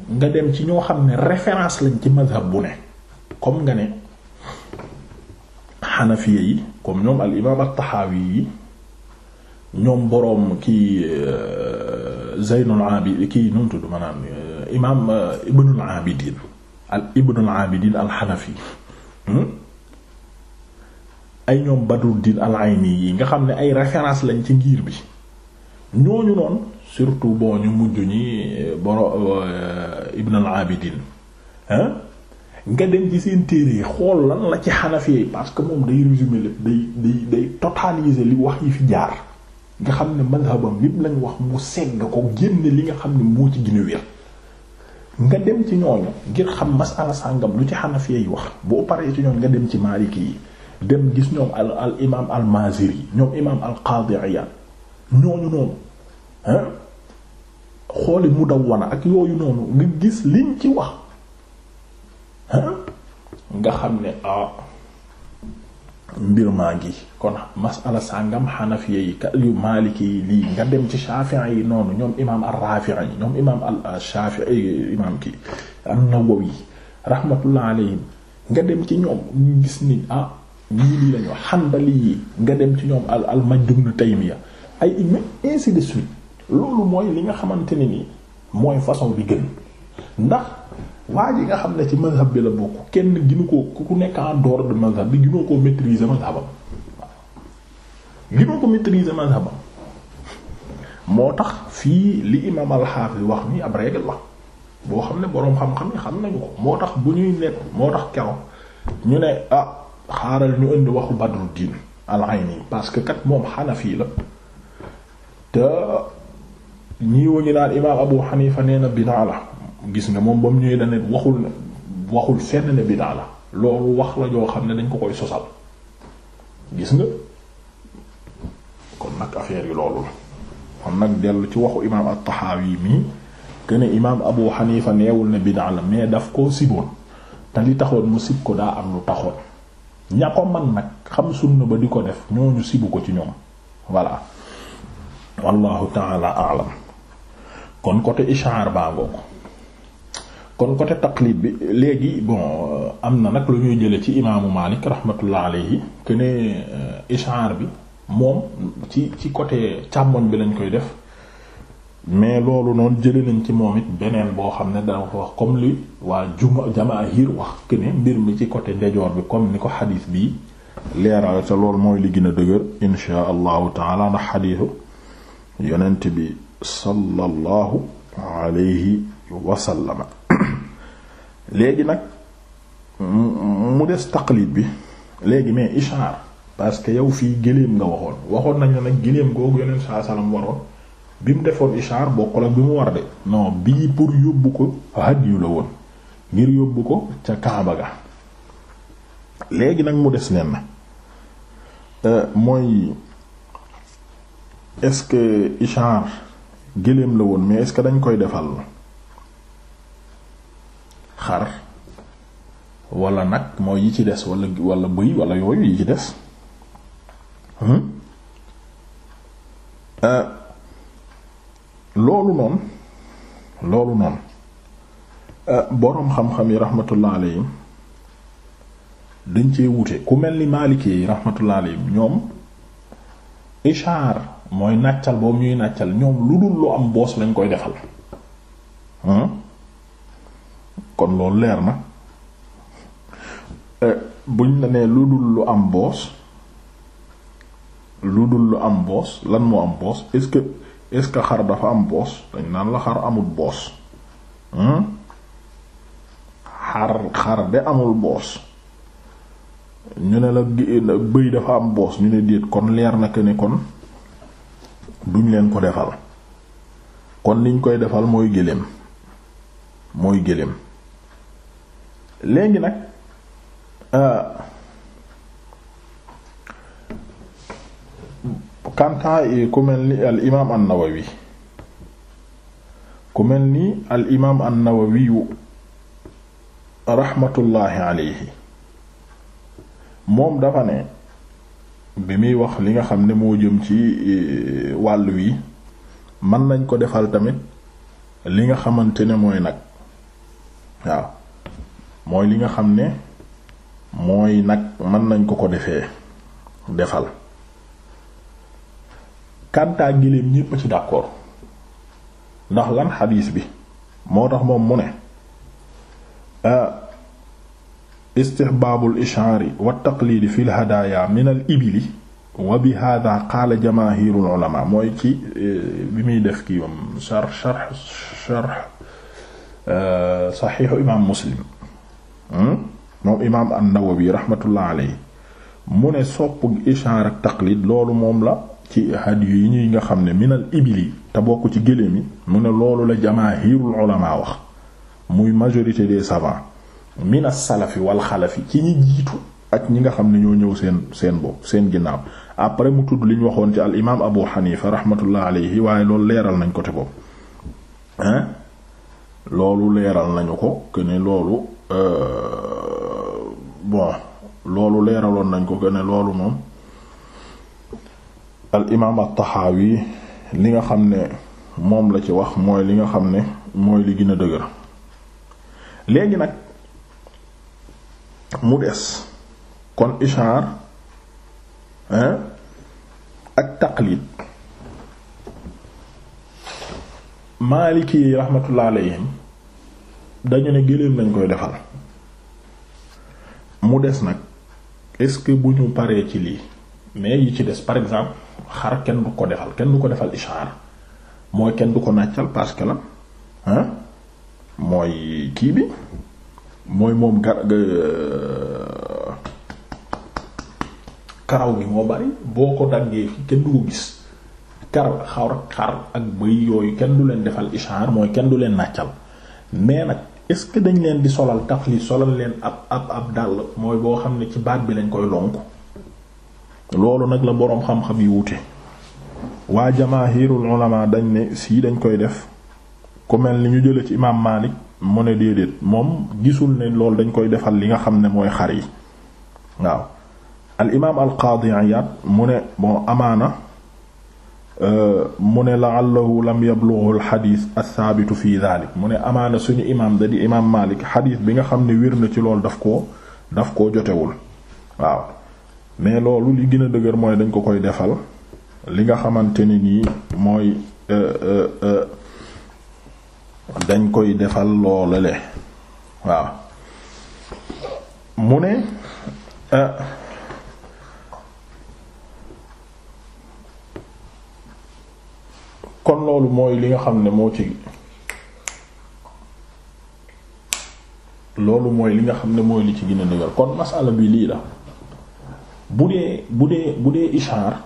nga dem ci ñoo xam ne référence lañ ci mazhab bu ne comme nga ne xanafiya yi comme ñoom al imaam at-Tahawi yi ñoom boroom ki euh, Zaynul Abidin ki nu mu tudd imaam euh, euh, Ibnul Abidin al Ibnul hmm? ay ñoom Badruddin al Ayni yi nga xam ne ay référence lañ ci ngir bi ñooñu noonu surtout bon ñu mujj ñi eh, boro eh, Ibn al-Abidin hein nga dem ci seen téere yi xool lan la ci xanafee parce que moom day résumer lépp day day day totaliser li wax yi fi jaar nga xam ne madhabam lépp lañ wax mu segg ko génne li nga xam ne moo ci gën a nga dem ci ñooñu ngir xam masala sàngam lu ci xanafee yi wax boo paree ci ñoom nga dem ci maaliki yi dem gis ñoom al al imaam al Maziri ñoom imaam al Qadi ñooñu noonu xooli mu daw ak yooyu noonu nga gis liñ ci wax nga xam ne ah mbir maa ngi kon masala sàngam xanafiya yi ka yu maaliki yi lii nga dem ci shafi'i yi noonu ñoom imaam ar yi ñoom imaam al-shafi'i ah, imaam ki an-nawawi rahmatullah alayhim nga dem ci ñoom gis ni ah ñii lii lañu xandali yi nga dem ci ñoom al al-majdu ibn taymiya ay imme ainsi de suite loolu mooy li nga xamante ne nii mooy façon bi gën ndax waa ji nga xam ne ci mazhab bi la bokk kenn ginu ko ku nekk en dehors de mazhab bi ginoo koo maîtriser mazhabam ginoo ko maîtriser mazhabam moo tax fii li imam alxaafis wax ni ab règle la boo xam ne boroom xam-xam yi xam nañu ko moo tax bu ñuy nekk moo tax keroog ñu ne ah xaaral ñu indi waxu Badruddin al-Ayni parce que kat moom fii la te ñii wa ñu naan imaam Abu Hanifa nee na bidaa la gis nga moom ba mu ñëwee da ne waxul waxul fenn ne bidaa la loolu wax la joo xam ne dañ ko koy sosal gis nga kon nag affaire yi loolu la kon nag dellu ci waxu imaam at-Tahawi mii que imaam Abu Hanifa neewul ne bidaa la mais daf koo siboon te li taxoon mu sib ko daa am lu taxoon ña ko man nag xam sunna ba di ko def ñooñu sibu ko ci ñoom voilà. wallahu taala alam kon côté ishaar baa ngoogu kon côté taqlid bi léegi bon euh, am na nag lu ñuy jële ci imaamu Maalik rahmatullah alayhi que euh, ishaar bi moom ci ci côté càmmoñ bi lañ koy def mais loolu noonu jële nañ ci moom it beneen boo xam ne dama ko wax comme li waa juma jamaahir wax que mbir mi ci côté ndejoor bi comme ni ko xadiis bii leeral te loolu mooy li gën a dëgër insha allahu taala ndax xadiisu yonent bi sallallahu alayhi wasallama léegi nag mu des taqlid bi léegi mais ishaar parce que yow fii gëléem nga waxoon waxoon nañu nag gëléem googu yonent saa salaam waroon bi mu defoon ishaar bokkul ak bi mu war de non bii pour yóbbu ko hadyu la woon ngir yóbbu ko ca Kaaba ga léegi nag mu des nen na euh, mooy est-ce que ishaar géléem la woon mais est que dañ koy defal xar wala nag mooy yi ci des wala wala bëy wala yooyu yi ci des hmm? euh, loolu noonu loolu noonu euh, boroom xam-xam yi rahmatullah alayhim dañ cee wute ku mel ni maalikee yi rahmatullah ñoom ishaar mooy nàccal boobu ñuy nàccal ñoom lu dul lu am boos lañ koy defal kon loolu leer na euh, buñ la nee lu dul lu am boos lu dul lu am boos lan moo am boos est-ce est-ce que xar dafa am boos dañ naan la xar amul boos xar xar de amul boos ñu ne la bëy dafa am boos ñu ne déet kon leer na que ne kon duñ leen ko defal kon liñ koy defal mooy gëléem mooy gëléem léegi nag kantaa euh, euh, ku mel ni al imaam an-Nawawi ku mel ni al imaam an-Nawawiyu raxmatullaahi alayhi moom dafa ne bi muy wax li nga xam ne moo jëm ci e, wàll wi man nañ ko defal tamit li nga xamante ne mooy nag waaw mooy li nga xam ne mooy nag mën nañ ko ko defee defal kàntaa giléem ñépp a ci d'accord ndax lan xadiis bi moo tax moom mu ne euh, istihbaabul ishaari wa taqlidi fi lhadaaya min al ibili wa bi hada qaala jamaahirul ulama mooy ci eh, bi muy def kii wam sharh sharh sharh eh, saxiixu imaam muslim hmm? moom imaam an-Nawawi rahmatullah alayhi mu ne sopp ishaar ak taqlid loolu moom la ci hadiyu yi ñuy nga xam ne minal ibili te bokk ci gëléem yi mu ne loolu la jamaahirul ulama wax muy majorité des savants mina salafi wal xalafi ci ñi jiitu ak ñi nga xam ne ñoo ñëw seen seen bopp seen ginnaaw après mu tudd li ñu waxoon ci al imaam Abu Hanifa rahmatullah alayhi waaye loolu leeral nañ ko te loolu leeral nañu ko que ne loolu euh, bon loolu leeraloon nañ ko que loolu moom al imaam at-Tahawi li nga xam ne moom la ci wax mooy li nga xam ne mooy li gën a dëgër léegi nag. mu des kon ishaar hein ak taqlid maaliki yi rahmatullah alayhim dañu ne gëléem lañ koy defal mu des nag est bu ñu paree ci lii mais yi ci des par exemple xar kenn du ko defal kenn du ko defal ishaar mooy kenn du ko nàccal parce que la mooy kii bi mooy moom gar karaw gi moo bari boo ko daggee fi kenn du ko gis karaw xar xar ak bëy yooyu kenn du leen defal ishaar mooy kenn du leen nàccal mais nag est-ce que dañ leen di solal tafli solal leen ab ab ab dàll mooy boo xam ne ci baat bi lañ koy lonk loolu nag la boroom xam-xam yi wute waa jamaahirul ulama dañ ne sii dañ koy def ku mel ni ñu jële ci imaam Maalik mu ne déedéet moom gisul ne loolu dañ koy defal li nga xam ne mooy xar yi waaw al imaam al qaadi Iyaad mu ne bon amaana euh, mu ne la'allahu lam yablughu al xadiis as-saabitu fi daalik mu ne amaana suñu imaam da di imaam Maalik xadiis bi nga xam ne wér na ci loolu daf ko daf koo jotewul waaw mais loolu li gën a dëgër mooy dañ ko koy defal li nga xamante ne nii mooy. Euh, euh, dañ koy defal loolale waaw mu ne euh, kon loolu mooy li nga xam ne moo ci loolu mooy li nga xam ne mooy li ci gina a dëgër kon masala bi lii la bu dee bu dee bu dee ishaar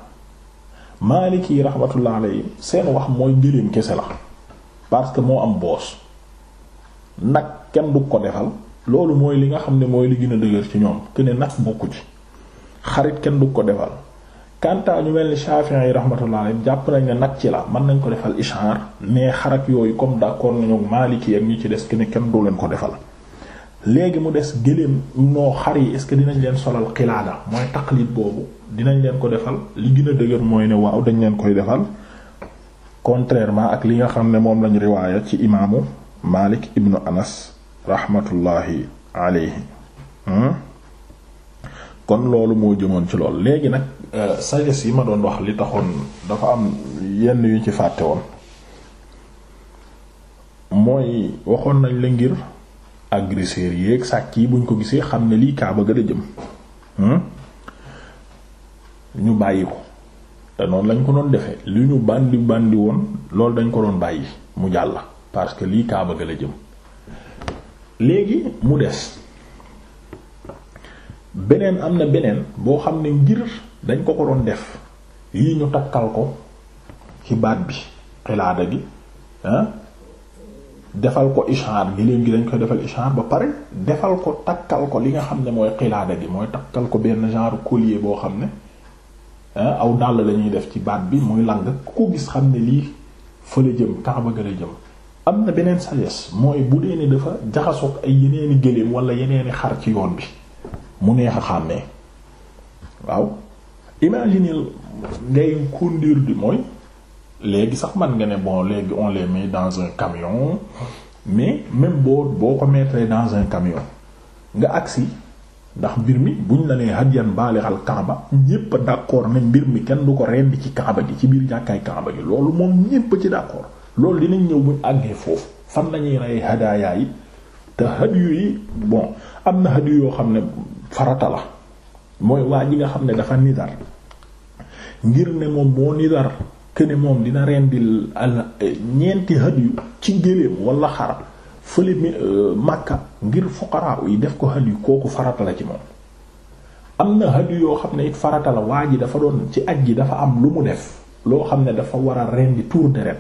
Maliki rahmatullah yi seen wax mooy gëléem kese la parce que moo am boos nag kenn dugg ko defal loolu mooy li nga xam ne mooy li gën a dëgër ci ñoom que ne nag bokku ci xarit kenn dugg ko defal kanta ñu mel ni Shafi'i yi rahmatullah alayhi jàpp nañ ne nag ci la mën nañ ko defal ishaar mais xarak yooyu comme d'accord nañu Maliki ak ñi ci des ki ne kenn du leen ko defal léegi mu des gëléem moo xar yi est-ce que dinañ leen solal xilaada mooy taqlid boobu dinañ leen ko defal li gën a dëgër mooy ne waaw dañ leen koy defal contrairement ak li nga xam ne moom lañu riwaaya ci imaamu Malik ibnu Anas rahmatullahi alayhi hmm? kon loolu moo jëmoon ci lool léegi nag euh, sagesse yi ma doon wax li taxoon dafa am yenn yu ci fàtte woon mooy waxoon nañ la ngir agresseurs yeeg sàcc yi buñ ko gisee xam ne lii kaa bëgg a jëm hmm? ñu bàyyi ko te noonu lañ ko doon defee li ñu bandi bàndi woon loolu dañ ko doon bàyyi mu jàll parce que lii Kaaba ga la jëm léegi mu des beneen am na beneen boo xam ne ngir dañ ko ko doon def yii ñu takkal ko ci baat bi xilaada gi ah defal ko ishaar gi leen gi dañ koy defal ishaar ba pare defal ko takkal ko li nga xam ne mooy xilaada gi mooy takkal ko benn genre collier boo xam ne Eh, aw dàll la def ci baat bi muy làng ku ko gis xam ne lii fa la jëm Kaaba ga jëm am na beneen sagesse mooy bu dee ne dafa jaxasook ay yeneeni gëléem wala yeneeni xar ci yoon bi mu neex a xàmmee waaw imagine ngay conduire di mooy léegi sax man nga ne bon léegi on les met dans un camion mais même boo boo ko mettre dans un camion nga agsi ndax mbir mi bu buñ la nee hadyan baalighal kaaba ñépp a d'accord ne mbir mi kenn du ko rendi ci kaaba gi ci biir jàkkaay kaaba gi loolu moom ñépp ci d'accord loolu dinañ ñëw buñ àggee foofu fan lañuy rey hadaaya yi te hadiyu yu bon am na hadiyu yoo xam ne farata la mooy waa ji nga xam ne dafa nidar ngir ne moom moo nidar que ne moom dina rendil al ñeenti hadiyu ci géléem wala xar fële mi euh, Makka ngir fuqaraa yi def ko hadiyu kooku farata la ci moom am na hadiyu yoo xam ne it farata waa ji dafa doon ci aj ji dafa am lu mu def loo xam ne dafa war a rendi tour de ren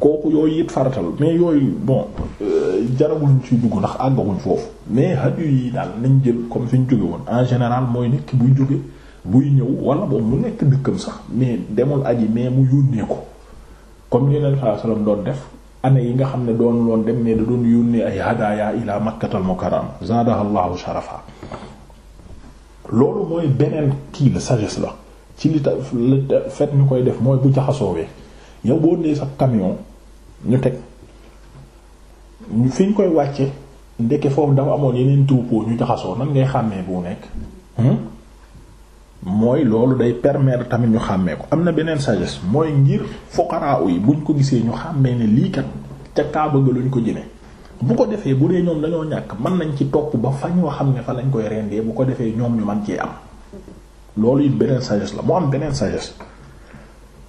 kooku yooyu it faratal mais yooyu bon euh, jarawuñ ci dugg ndax àggaguñ foofu mais hadiyu yi daal nañ jël comme fi ñu jóge woon en général mooy nit ki buy jóge buy ñëw wala boobu mu nekk dëkkam sax mais demul yi mais mu yónnee ko comme yeneen saa salaam doon def année yi nga xam ne doon loon dem ne da doon yónnee ay hadaya ila makkatal mukarrama zaadahallahu sharafa loolu mooy beneen kii la sagesse la ci li fet ñu koy def mooy bu jaxasoo jaxasoowee yow boo nee sa camion ñu teg ñu fi ñu koy wàcce ndeke foofu dafa amoon yeneen troupeau ñu jaxasoo nan ngay xàmmee bu nekk hmm? mooy loolu day permettre tamit ñu xàmmee ko am na beneen sagesse mooy ngir fuqaraa yi buñ ko gisee ñu xàmmee ne lii kat ca kaaba ga luñ ko jëmee bu ko defee bu dee ñoom dañoo ñàkk mën nañ ci topp ba fa ñoo xam ne fa lañ koy rendee bu ko defee ñoom ñu man cee am loolu it beneen sagesse la mu am beneen sagesse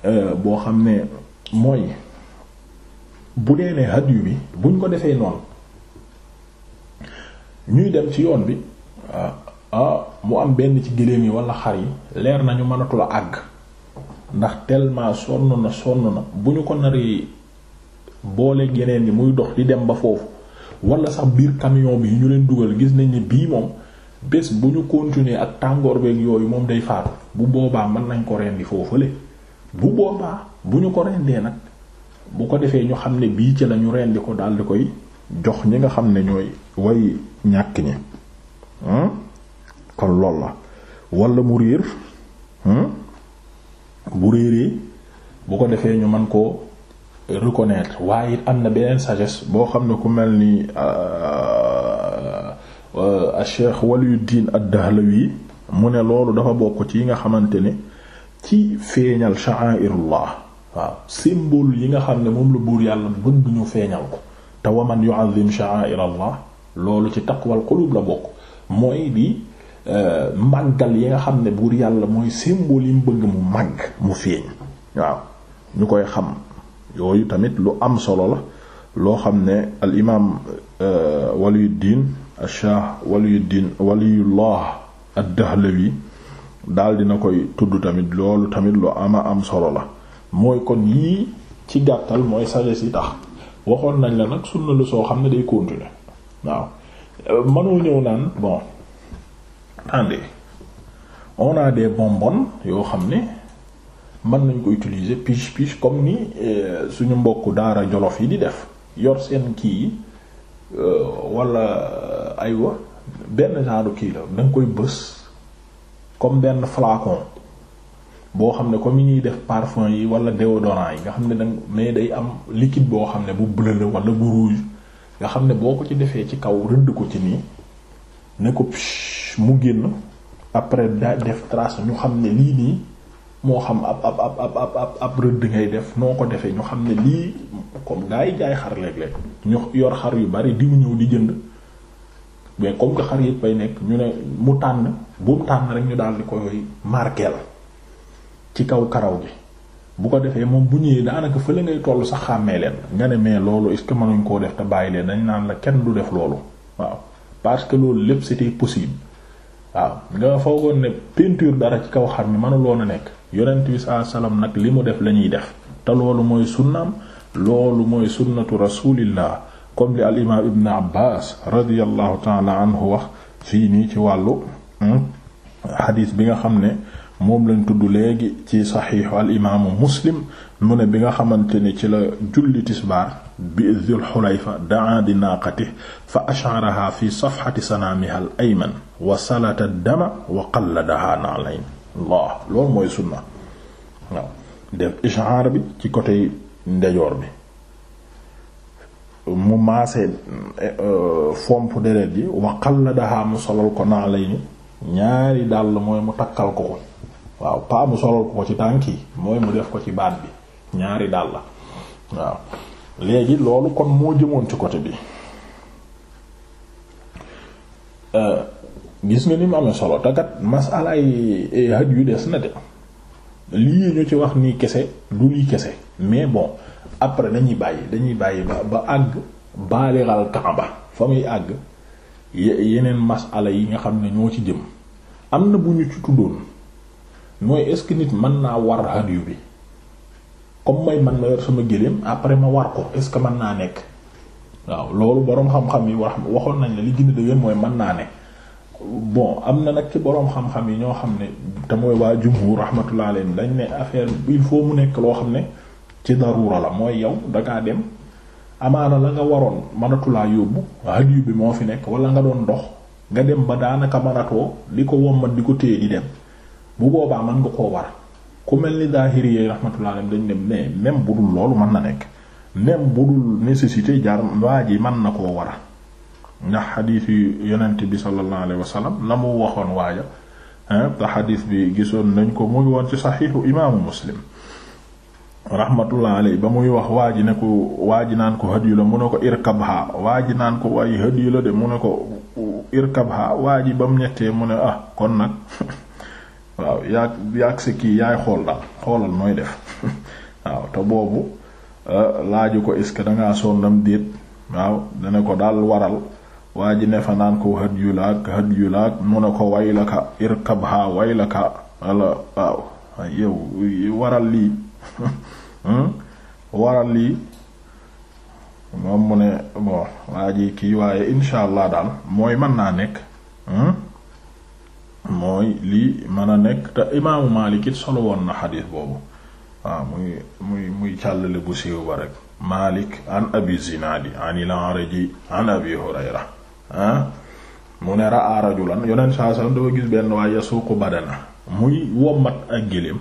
euh, boo xam ne mooy bu dee ne hadyu bi buñ ko defee noonu ñuy dem ci yoon bi ah, ah mu am benn ci géléem yi wala xar yi leer nañu mënatul a àgg ndax tellement sonn na sonn na bu ñu ko naree boole yeneen yi muy dox di dem ba foofu wala sax biir kamiyon bi yu ñu leen dugal gis nañ ne bii moom bés bu ñu continuer ak tàngoor beek yooyu moom day faatu bu boobaa mën nañ ko rendi foofale bu boobaa bu ñu ko rendee nag bu ko defee ñu xam ne bii ci lañu rendi ko daldi koy jox ñi nga xam ne ñooy way ñàkk ñi kon lool la wala mu réer hmm? bu réeree bu ko defee ñu mën koo reconnaître waaye it am na beneen sagesse boo xam ne ku mel ni euh, euh, Cheikh Waliyuddin ad-Dahlawi mu ne loolu dafa bokk ci yi nga xamante ne ci feeñal sha'airullah waaw symbole yi nga xam ne moom la buur yàlla bëgg ñu feeñal ko te waman yu'azzim sha'airallah loolu ci taqwal qulub la bokk mooy di Euh, màggal yi nga xam ne buur yàlla mooy symbole yi mu bëgg mu màgg mu feeñ waaw ñu koy xam yooyu tamit lu am solo la loo xam ne al imaam euh, waliyuddin ashah waliyuddin waliyullah ad-Dahlawi daal dina koy tudd tamit loolu tamit lu ama am solo la mooy kon yii ci gàttal mooy sagesse yi tax waxoon nañ la nag sunna lu soo xam ne day continuer waaw mënoo ñëw naan bon attendez on a des bonbons yoo xam ne mën nañ ko utiliser piche piche comme ni eh, suñu mbokku daara jolof yi di def yor seen kii yi eh, wala eh, aywa benn genre kii la da koy bës comme benn flacon boo xam ne comme yi ñuy def parfum yi wala déodorant yi nga xam ne da mais day am liquide boo xam ne bu bleu la wala bu rouge nga xam ne boo ko ci defee ci kaw rëdd ko ci nii ne ko piche mu génn après da def tras ñu xam ne lii nii moo xam ab ab ab ab ab rëdd ngay def noo ko defee ñu xam ne lii comme gaa yi jaay xar léeg-léeg ñu yor xar yu bari diw ñëw di jënd mais comme xar yëpp bay nekk ñu ne mu tànn bu tànn rek ñu daal di koy marqué ci kaw karaw gi bu ko defee moom bu ñëwee daanaka fële ngay tollu sax xàmmee leen nga ne mais loolu est-ce que mënuñ koo def te bàyyi leen dañ naan la kenn du def loolu waaw parce que loolu lépp c'était possible. waaw nga foogoon ne peinture dara ci kaw xar mi mënuloon a nekk yonent bi saa salaam nag li mu def la ñuy def te loolu mooy sunnaam loolu mooy sunnatu rasulillah comme li al imaam ibn abbas radiallahu taala anhu wax fii nii ci wàllu xadiis hmm, bi nga xam ne moom lañ tudd léegi ci saxiixu al imaamu muslim mu ne bi nga xamante ni ci la julli tisbaar bi Dhul Hulayfa daa di naaqati fa ash'araha fi safhati sanaamiha ayman wa salata dama wa qalladaha na'layn Allah loolu mooy sunna waaw def ishaar bi ci côté ndejoor bi mu maase e, e, fomp deret yi wa qalladaha mu solal ko na'layni ñaari dàll mooy mu takkal ko ko waaw paa solal ko ko ci tànk yi mooy mu def ko ci baat bi ñaari dàll waaw léegi loolu kon moo jëmoon ci côté bi euh, gis nga ni mu amee solo takat masala yi eh, haj yu des na de lii ñu ci wax nii kese du lii kese mais bon après dañuy bàyyi dañuy bàyyi ba ba àgg baaliral Kaaba fa muy àgg yeneen masala yi nga xam ne ñoo ci jëm am na bu ñu ci tuddoon mooy est nit mën naa war hadiyu bi comme may man ma yor sama géléem après ma war ko est ce que mën naa nekk waaw loolu boroom xam-xam yi wax waxoon nañ la li gën a mooy man naa ne bon am na nag ci boroom xam-xam yi ñoo xam ne te mooy waa jumhur rahmatullah leen dañ ne affaire bi faut mu nekk loo xam ne ci daruura la mooy yow dangaa dem amaana la nga waroon mënatulaa yóbbu hadiyu bi moo fi nekk wala nga doon dox nga dem ba daanaka mënatoo di ko wommat di ko téye di dem bu boobaa mën nga ko war ku mel ni daahiri yi rahmatullah alayhi dañ ne mais même bu dul loolu mën na nekk même bu dul nécessité jar waa ji mën na koo war a ndax xadiis yu yonent bi sallallahu alayhi wa sallam mu waxoon waaja te xadiis bi gisoon nañ ko muy woon ci saxiixu imaamu muslim rahmatullah alayhi ba muy wax waa ji ne ko waa ji naan ko hadiyu la mu ne ko irkabha waa ji naan ko waaye hadiyu la de mu ne ko irkabha waa ji ba mu ñettee mu ne ah kon nag waaw yaag yaag sa kii yaay xool daal xoolal mooy def waaw te boobu euh, laaju ko est-ce que dangaa sonnam déet waaw dana ko daal waral waa ji ne fa naan ko hët yulaak hët yulaak mu ne ko waylaka irkabha waylaka walla waaw yow waral lii hmm? waral lii moom mu ne bon waa kii waaye insha allah daal mooy man naa nekk hmm? mooy lii mën a nekk te imaamu Maalik it solo woon na xadiis boobu muy muy muy càllale bu siiw ba rek Maalik an abi zinaadi an il araji an abi hurayra ah, mu ne raa rajulan yonent saa sallam dafa gis benn waaye yasuuqu badana muy wommat ak géléem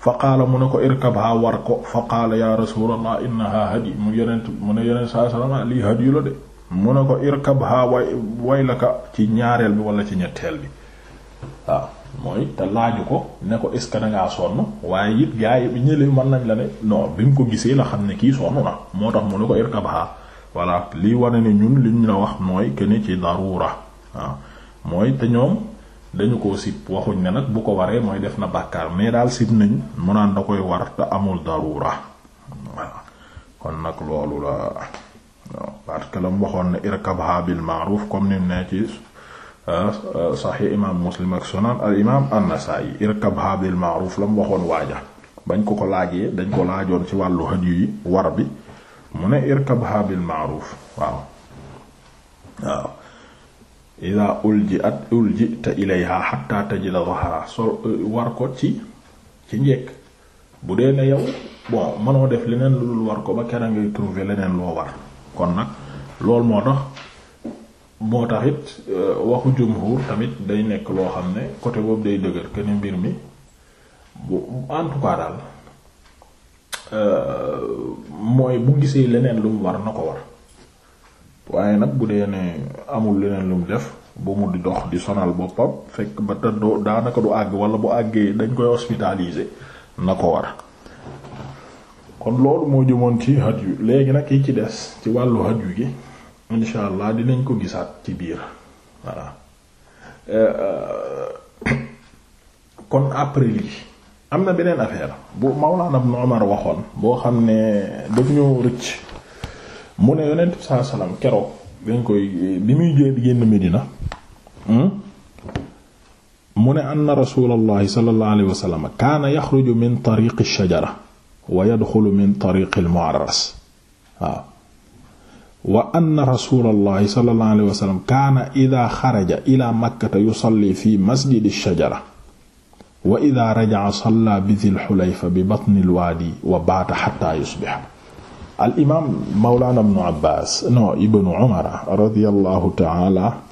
fa qaala mu ne ko irkabha war ko fa qaala ya rasulallah innaha hadi mu yonent mu ne yonent saa sallam lii hadiyu de mu ne ko irkabha way waylaka ci ñaareel bi walla ci ñetteel bi waaw mooy te laaju ko ne ko est ce que waaye it gaa yi ñële mën nañ la ne non bi mu ko gisee la xam ne kii sonn na moo tax mu ne ko irkabha voilà lii wane ne ñun li ñu la wax mooy que ne ci darura waaw mooy te ñoom dañu koo sib waxuñ ne nag bu ko waree mooy def na bàkkaar mais daal sib nañ mu naan da koy war te amul darura kon nag loolu la parce que la mu waxoon ne irkabha bil ma'ruf comme ni ne ci. Ah, ah, saxi imaam muslim ak sunan al waxoon waaja bañ ko ko laajee dañ ko laajoon ci wàllu hadiyu yi war bi mu ne irkabha bil ma'ruf waaw waaw ida so eh, war ko ci ci njekk bu dee ne yow bon mënoo def leneen lu dul war ko ba kera ngay trouver leneen loo war kon nag loolu moo tax moo tax it euh, waxu jumhur tamit day nekk loo xam ne côté boobu day dëgër que ni mbir mi bu en tout cas daal euh, mooy bu gisee leneen lu war na ko war waaye nag bu dee ne amul leneen lu def bu mu di dox di sonal boppam fekk ba te doo daanaka du àgg wala bu àggee dañ koy hospitaliser na ko war kon loolu moo jëmoon ci haj léegi nag yi ci des ci wàllu haj yu gi incha allah dinañ ko gisaat ci biir euh, euh, kon après lii am na beneen affaire bu Mawlana Ibn Umar waxoon boo xam ne daf ñoo rëcc mu ne yonent bi salaam keroog dañ koy bi muy génn Medina hmm? mu ne an rasulallahi sallallahu alayhi wa sallam kaana yaxruju min tariqi shajara wa yadxulu min tariqi al mu'arras waaw wa anna rasulallahi sallallahu alayhi wa sallam kaana ida xaraja ila makkata yusalli fi masjidi shajara wa ida rajaca salla bi dil xulayfa bi batni alwaadi wa baata xatta yusbixa al imaam mawlaana ibnu abbaas no ibnu umar radiyallahu taala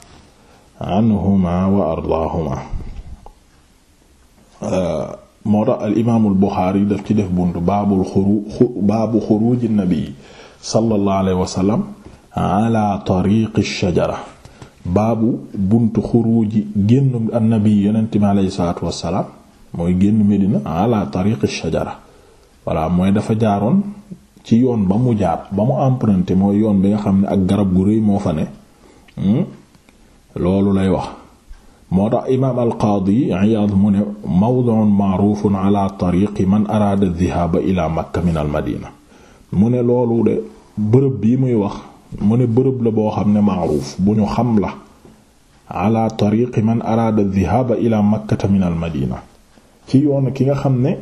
anhuma wa ardaahuma uh, moo tax al imaamul buxaari daf ci def bunt baabul xuru baabu xuruuji nabi sallallahu alayhi wa sallam ala tariqi shajara baabu buntu xuruuji génn annabi yonent mi aleyhi salaatu wassalaam mooy génn Medina ala tariqi mooy dafa jaaroon ci yoon ba mu ba mu emprunté mooy yoon bi nga xam ne ak garab gu rëy moo fa ne hmm? loolu lay wax moo tax imaam alqaadi Iyaad mu ne mawdu'un ma'ruufun ala tariqi man araada dhihaaba ila makka min al madina mu ne loolu de bërëb bii muy wax mu ne bërëb la boo xam ne maaruuf bu ñu xam la ala tariqi man araada dhihaba ila makkata min al madina ci yoon ki nga xam ne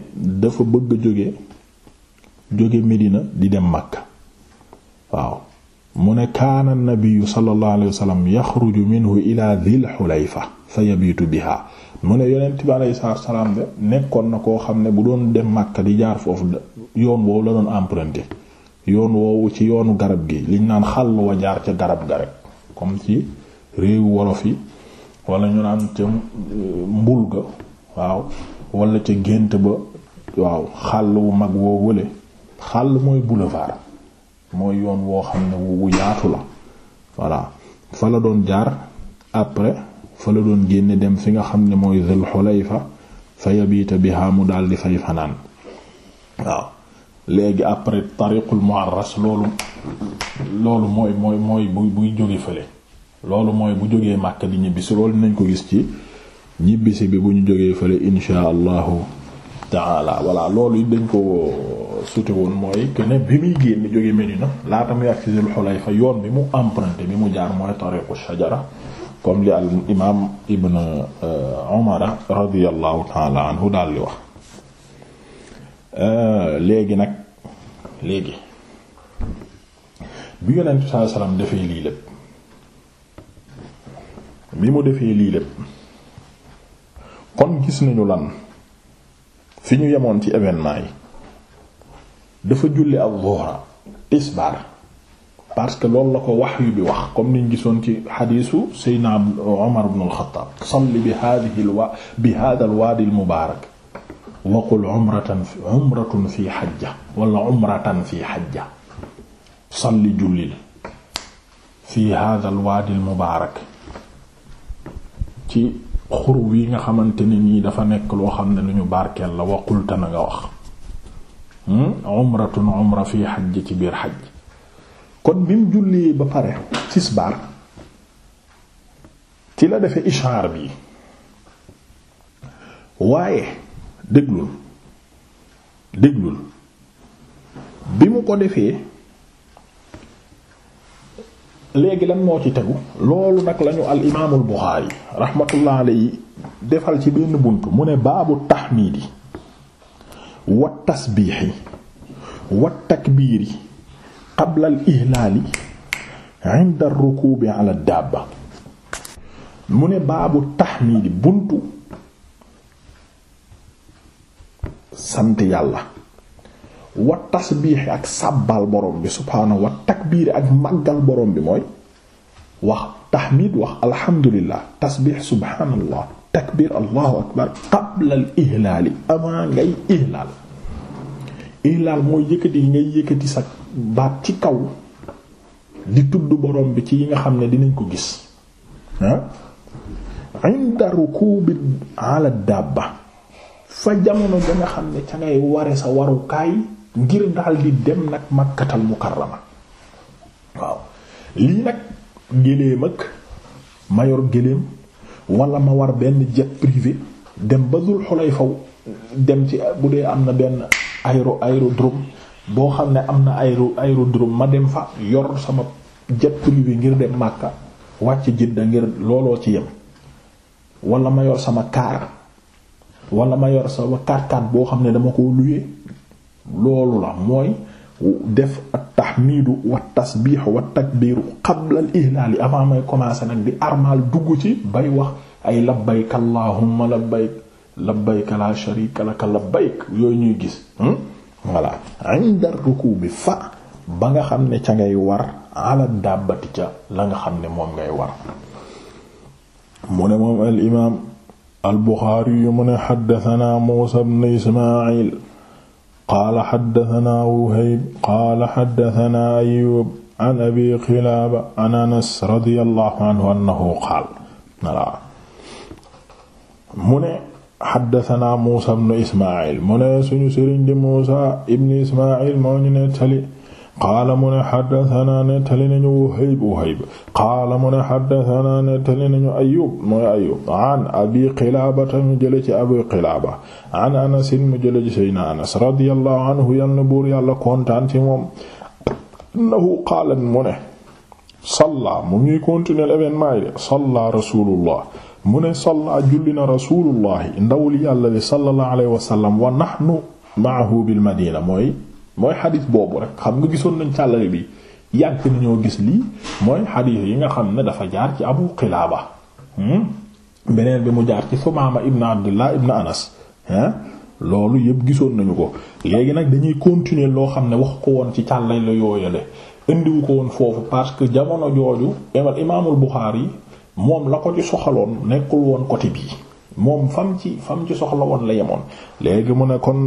dafa bëgg a jóge jóge Medina di dem Makka waaw mu ne kaana nabiyu sallallahu alayhi wa sallam yaxruju minhu ila dhil xulayfa fa yabiitu biha mu ne yonent bi alayhi salaam de nekkoon na koo xam ne bu doon dem Makka di jaar foofu yoon boobu la doon emprunté yoon woowu ci yoonu garab gi liñ naan xàll wa jaar ca garab ga rek comme ci réew wolof yi wala ñu naan ca euh, mbul ga waaw wala ca gént ba waaw xàll wu mag woo wële xàll mooy boulevard mooy yoon woo xam ne wu yaatu la voilà fa la doon jaar après fa la doon génne dem fi nga xam ne mooy Zul Xulayfa fa yabiita biha mu daal di fay fanaan waaw léegi après tariqul mu'arras loolu loolu mooy mooy mooy bu buy jóge fële loolu mooy bu jógee Makka di ñibbisi loolu nañ ko gis ci ñibbisi bi bu ñu jógee fële insha allahu taala voilà loolu it dañ ko sute woon mooy que ne bi muy génn jóge Medina laata muy agsi Zul Hulayfa yoon bi mu emprunté bi mu jaar mooy tariqu shajara comme li al imaam ibn euh, Umar radiyallahu taala daal di wax euh, léegi nag léegi bi yonent bi sallallahu alayhi wasallam defee lii lépp bi mu defee lii lépp kon gis nañu lan fi ñu yemoon ci événement yi dafa julli ak zuhra tisbaar parce que loolu la ko wahyu bi wax comme niñ gisoon ci xadiisu seydna Omar ibn al-Khattab salli bi hadhihi bi hadha al-wadi al waqul umratan umratun fii xajja wala umratan fii xajja salli ci xur nga xamante ne nii dafa nekk loo xam ne lu ñu barkeel la waqulta na nga wax hmm? umratun umra ci biir xaj kon bi mu jullee ba pare tisbaar ci la defe ishaar bi waaye déglul déglul bi mu ko defee léegi lan moo ci tegu loolu nag lañu al imaamul Buxaari raxmatullah alayhi defal ci benn bunt mu ne baabu taxmiidi wa tasbiixi wa takbiiri qabla al ihlaali inda rukuubi ala daaba mu ne baabu taxmiidi buntu sant yàlla wa tasbiix ak sàbbal borom bi subhaanahu wa takbiir ak màggal borom bi mooy wax tahmid wax alhamdulillah tasbiix subhaanallah takbiir allahu akbar qabla ihlaali avant ngay ihlaal ihlaal mooy yëkkati yi ngay yëkkati sa baat ci kaw di tudd borom bi ci yi nga xam ne dinañ ko gis ah inda rukubi ala dabba fa jamono da xam ne ca ngay ware sa warukaay ngir daal di dem nag makkatal mukarrama waaw lii nag géléem ak ma yor géléem wala ma war benn jet privé dem ba dul xulay faw dem ci bu dee am na benn aéro aérodrome boo xam ne am na aéro aérodrome ma dem fa yor sama jet privé ngir dem màkka wàcc Jidda ngir looloo ci yem wala ma yor sama kaar wala ma yor sa quatre-quatre boo xam ne dama ko luye loolu la mooy def at tahmidu wa tasbih wa takbiru qabla al ihlaali avant may commencer nag di armal dugg ci bay wax ay labbayk allahumma labbayk labbayk la sharika laka labbayk yooyu ñuy gis hmm? voilà inda rukubi fa ba nga xam ne ca ngay war ala dàbbati ca la nga xam ne moom ngay war mu ne moom al albuxaari yu mu ne xaddatanaa muusa bn ismail qaala xaddatanaa wuhayb qaala xaddatanaa ayub an abi xilaaba an anas radiyallahu anhu annahu qaal walaa mu ne xaddatanaa muusa bn ismail mu ne suñu sëriñ di muusa ibn ismail moo ñu nettali qaala mu ne xaddasanaa nettali nañu Wuhayb Wuhayb qaala mu ne xaddasanaa nettali nañu Ayyub mooy Ayyub an Abi Qilaabata mu jële ci Abi Qilaaba an Anas mu jële ci Seydina Anas radiyallahu anhu yal na buur yàlla kontaan ci moom annahu qaala mu ne salla mu ngi continuer événement yi de salla rasulullah mu ne salla julli na rasulullah ndawul yàlla li sallallahu alayhi wa sallam wa nahnu ma'ahu bil madina mooy mooy xadis boobu rek xam nga gisoon nañ càllale bi yàgg nañoo gis lii mooy xadis yi nga xam ne dafa jaar ci abu qilaaba hmm? beneen bi mu jaar ci sumaama ibn abdullah ibn anas hmm? loolu yëpp gisoon nañu ko léegi nag dañuy continuer loo xam ne wax ko woon ci càllay la yooyale indiwu ko woon foofu parce que jamono jooju imal imaamul Buxaari moom la ko ci soxaloon nekkul woon côté bii moom fam ci fam ci soxla woon la yemoon léegi mu ne kon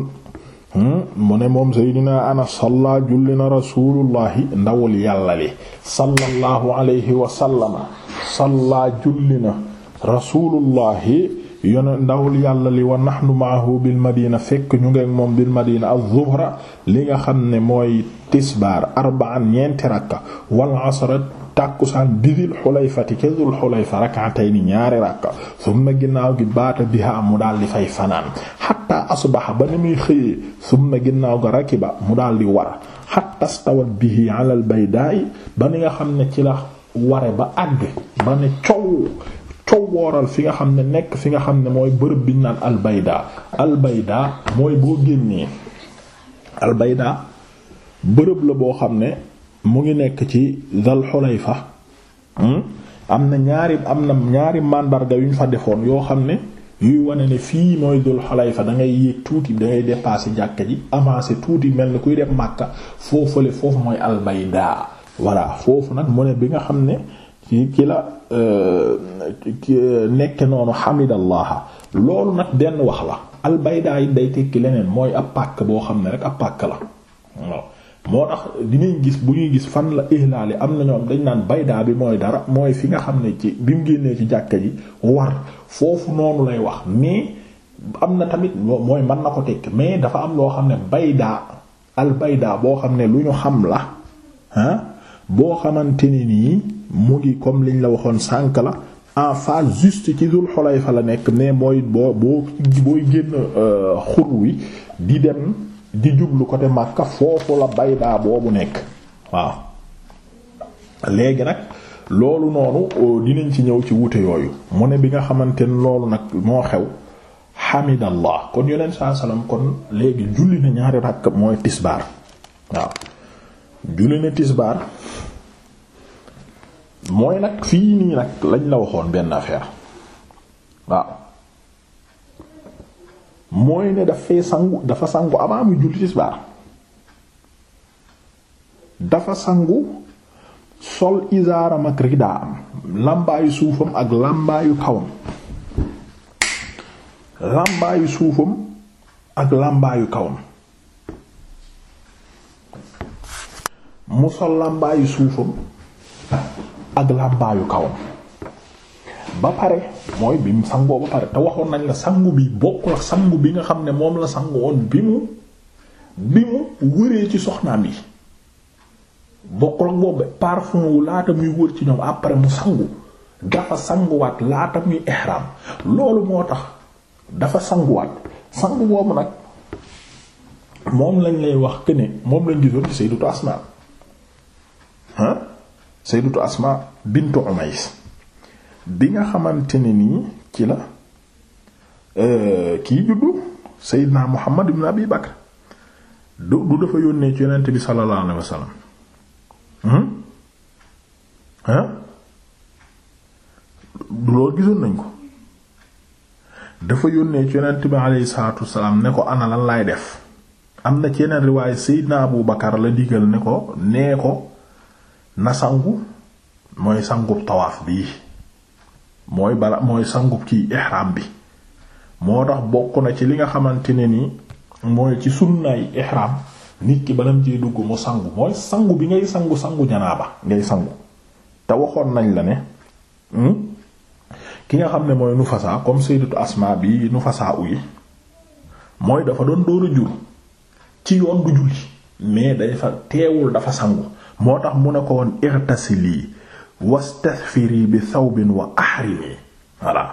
Hmm? mu ne moom Seydina Anas salla julli na rasulullahi ndawul yàlla li sallallahu alayhi wa sallama salla julli na rasulullahi yone ndawul yàlla li wa nahnu maahu bil madina fekk ñu ngeek moom bil madina az-zuhra li nga xam ne mooy tisbaar arba'an ñeenti rakka wal asr tàkkusaan bidil xulayfati ca dul xulayfa rak'atayni ñaari rakka summa ginnaaw gi baata biha mu daal di fay fanaan xatta asbaxa ba ni muy xëyee summa ginnaaw ga rakiba mu daal di war xatta stawat bihi ala al ba ni nga xam ne ci la ware ba àgg ba ne coow coow fi nga xam ne nekk fi nga xam ne mooy bërëb bi naan albayda albayda mooy boo génnee albayda bërëb la boo xam ne mu ngi nekk ci Dal fa hmm? am na ñaari am na ñaari màndarga yu ñu fa defoon yoo xam ne yuy wane ne fii mooy Dul Xulayfa da ngay yéeg tuuti da ngay dépasser jàkka ji avancer tuuti mel ni kuy dem Makka foofale foofu mooy Albayda voilà foofu nag mu ne bi nga xam ne ci ki la euh, nekke noonu xamidallaha loolu nag denn wax la Albayda yi day tekki leneen mooy ab pàkk boo xam ne rek ab pàkk la moo tax dinañ gis bu ñuy gis fan la ihlaale am na ñoom dañ naan baydaa bi mooy dara mooy fi nga xam ne ci bi mu génnee ci jàkka ji war foofu noonu lay wax mais am na tamit mooy man na ko tekk mais dafa am loo xam ne baydaa al baydaa boo xam ne lu ñu xam la ah boo xamante ni nii mu ngi comme liñ la waxoon sànk la en face juste ci Dul fa la nekk mais mooy boo boo booy génn euh, xur wi di dem. di jublu côté Makka foofu la baydaa boobu nekk waaw léegi nag loolu noonu dinañ ci ñëw ci wuute yooyu mu ne bi nga xamante ne loolu nag moo xew hamidallah kon yonent saa salaam kon léegi julli na ñaari rakk mooy tisbaar waaw julli na tisbaar mooy nag fii nii nag lañ la waxoon benn affaire waaw mooy ne dafay sangu dafa sangu avant mu julli tisbaar dafa sangu sol izaaram ak ridaam làmbaayu suufam ak làmbaayu kawam làmbaayu suufam ak làmbaayu kawam mu sol làmbaayu suufam ak làmbaayu kawam ba pare mooy bi mu sangoo ba pare te waxoon nañ la sangu bi bokk ak sangu bi nga xam ne moom la sangu woon bi mu bi mu wëree ci soxnaam bi bokkul ak boobu parfum wu laata muy wër ci ñoom après mu sangu dafa sanguwaat laata muy ihram loolu moo tax dafa sanguwaat sangu boobu nag moom lañ lay wax que ne moom lañ gisoon ci sayyidatu Asma ah sayyidatu Asma bintu Umays bi nga xamante ne nii ci la euh, kii juddu Seydina Muhammad ibn Abi Bakr du dafa yónnee ci bi sallallahu alayhi wa sallam ah du loolu gisoon nañ ko dafa yónnee ci yonent bi aleyhi salaatu wasalaam ne ko ana lan laay def am na ci yeneen riwaay Seydina Abu Bakar la digal ne ko nee ko na sangu mooy sangu tawaaf bii mooy bala mooy sangu kii ihraam bi moo tax bokk na ci li nga xamante ne nii mooy ci sunnaay ihraam nit ki balam ciy dugg mu sangu mooy sangu bi ngay sangu sangu janaaba ngay sangu te waxoon nañ la ne hmm? ki nga xam ne mooy nufasaa comme sayyidatu asma bi nufasaa uyi mooy dafa doon dóor a jur ci yoon du julli mais day fa teewul dafa sangu moo tax mu ne ko woon irtasili wastafiri bi thawbin wa ahrimi voilà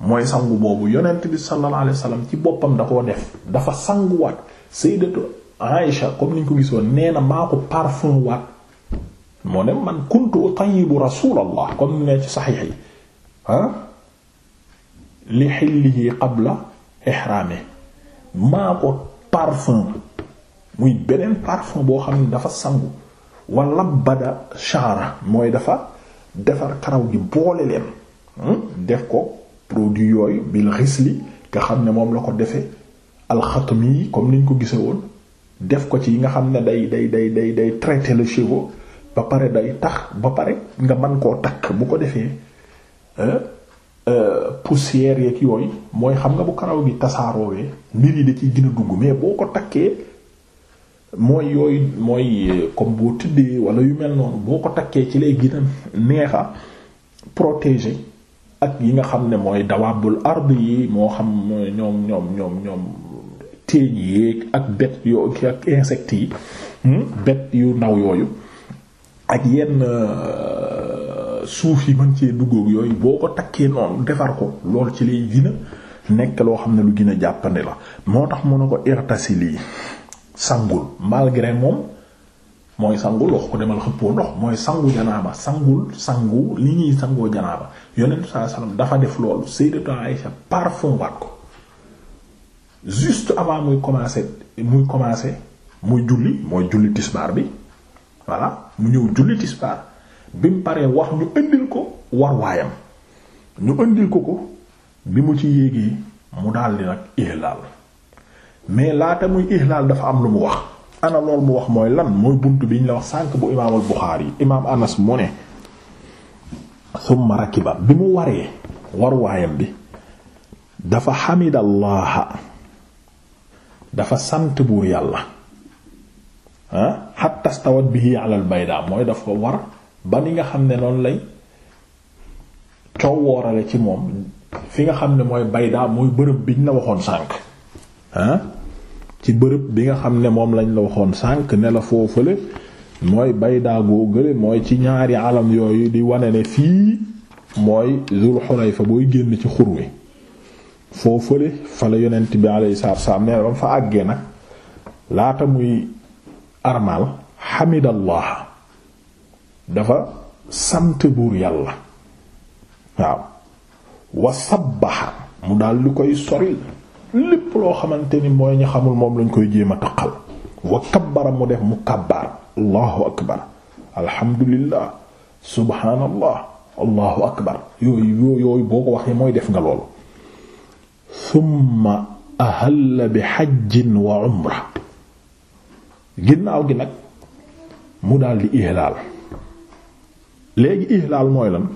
mooy sangu boobu yonent bi sallallahu alayhi wasallam ci boppam da koo def dafa sanguwaat sayyidatu Aïsha comme niñ ko gisoon nee na maa ko parfum waat moo ne man kuntu utayyibu rasulallah comme ne ci saxiix yi li xillihi qabla ihraami maa ko parfum muy beneen parfum boo xam ne dafa sangu wala bada chanra mooy dafa defar karaw gi boole leen hmm, def ko produit yooyu bil xisli nga xam ne moom la ko defee alxatmi yi comme niñ ko gise woon def ko ci yi nga xam ne day day day day day traiter le cheveu ba pare day tax ba pare nga mën koo takk bu ko defee eh, eh, poussière yeeg yooyu mooy xam nga bu karaw gi tasaaroowee mbir yi da ciy gën a dugg mais boo ko takkee mooy yooyu mooy euh, comme boo tëddee wala yu mel noonu boo ko takkee ci lay gën a neexa protéger ak yi nga xam ne mooy dawaabul ard yi moo xam ñoom ñoom ñoom ñoom téej yéeg ak bet yoo ak insectes yi hmm, bet yu ndaw yooyu ak yenn euh, suuf yi mën cee duggoog yooyu boo ko takkee noonu defar ko lool ci lay gën nekk loo xam ne lu gën a jàppandi la moo tax mën na ko yi sangul malgré moom mooy sangul wax ko demal xëppoo ndox mooy sangu janaaba sangul sangu li ñuy sangoo janaaba yonent saa salaam dafa def loolu sayyidatu Aïcha parfum waat ko juste avant muy commencer muy commencer muy julli mooy julli tisbaar bi voilà mu ñëw julli tisbaar bi mu paree wax ñu indil ko war ñu indil ko ko bi mu ci yéegee mu daldi nag ihlaal mais laata muy ihlaal dafa am lu mu wax ana lool mu wax mooy lan mooy bunt bi ñu la wax sànq bu imaam al-Buxaari yi imaam Anas mu ne summa rakiba bi mu waree warwaayam bi dafa xamidallaha dafa sant buur yàlla ah tastawat bi bihi ala al-bayda mooy dafa war ba ni nga xam ne noonu lay coow ci moom fi nga xam ne mooy bayda mooy bërëb bi ñu la waxoon sànq ci bërëb bi nga xam ne moom lañ la waxoon sànq ne la foofale mooy baydaagoo gële mooy ci ñaari alam yooyu di wane ne fii mooy zul xulayfa booy génn ci xur wi foofale fa la yonent bi alayhi salaatu wassalaam ne ba fa àggee nag laata muy armal xamidallah dafa sant buur yàlla waaw wa mu daal lu koy soril lépp loo xamante ni mooy ñi xamul moom lañ koy jéem a taqal wa kabbara mu def mu kabbaar allahu akbar alhamdulillah subhaanallah allahu akbar yooyu yooyu boo ko waxee mooy def nga loolu summa ahalla bi xajjin wa umra ginnaaw gi nag mu daldi ihlaal léegi ihlaal mooy lan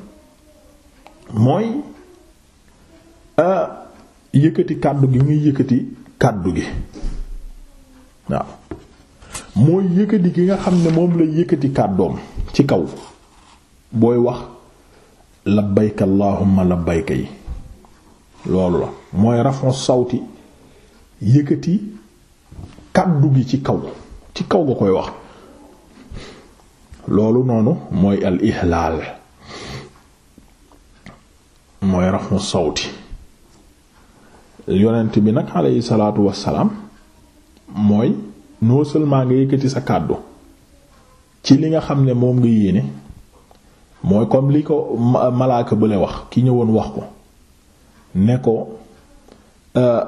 mooy. Euh, yëkkati kàddu gi muy yëkkati kàddu gi waaw mooy yëkkati gi nga xam ne moom la yëkkati kàddoom ci kaw booy wax labbayka allahumma labbayka yi loolu la mooy rafon sawti yëkkati kàddu gi ci kaw ci kaw nga koy wax loolu noonu mooy al ihlaal mooy rafon sawti yonent bi nag alayhi salaatu wassalaam mooy non seulement nga yëkkati sa kàddu ci li nga xam ne moom nga yéene mooy comme li ko malaaka bële wax ki ñëwoon wax ko ne ko euh,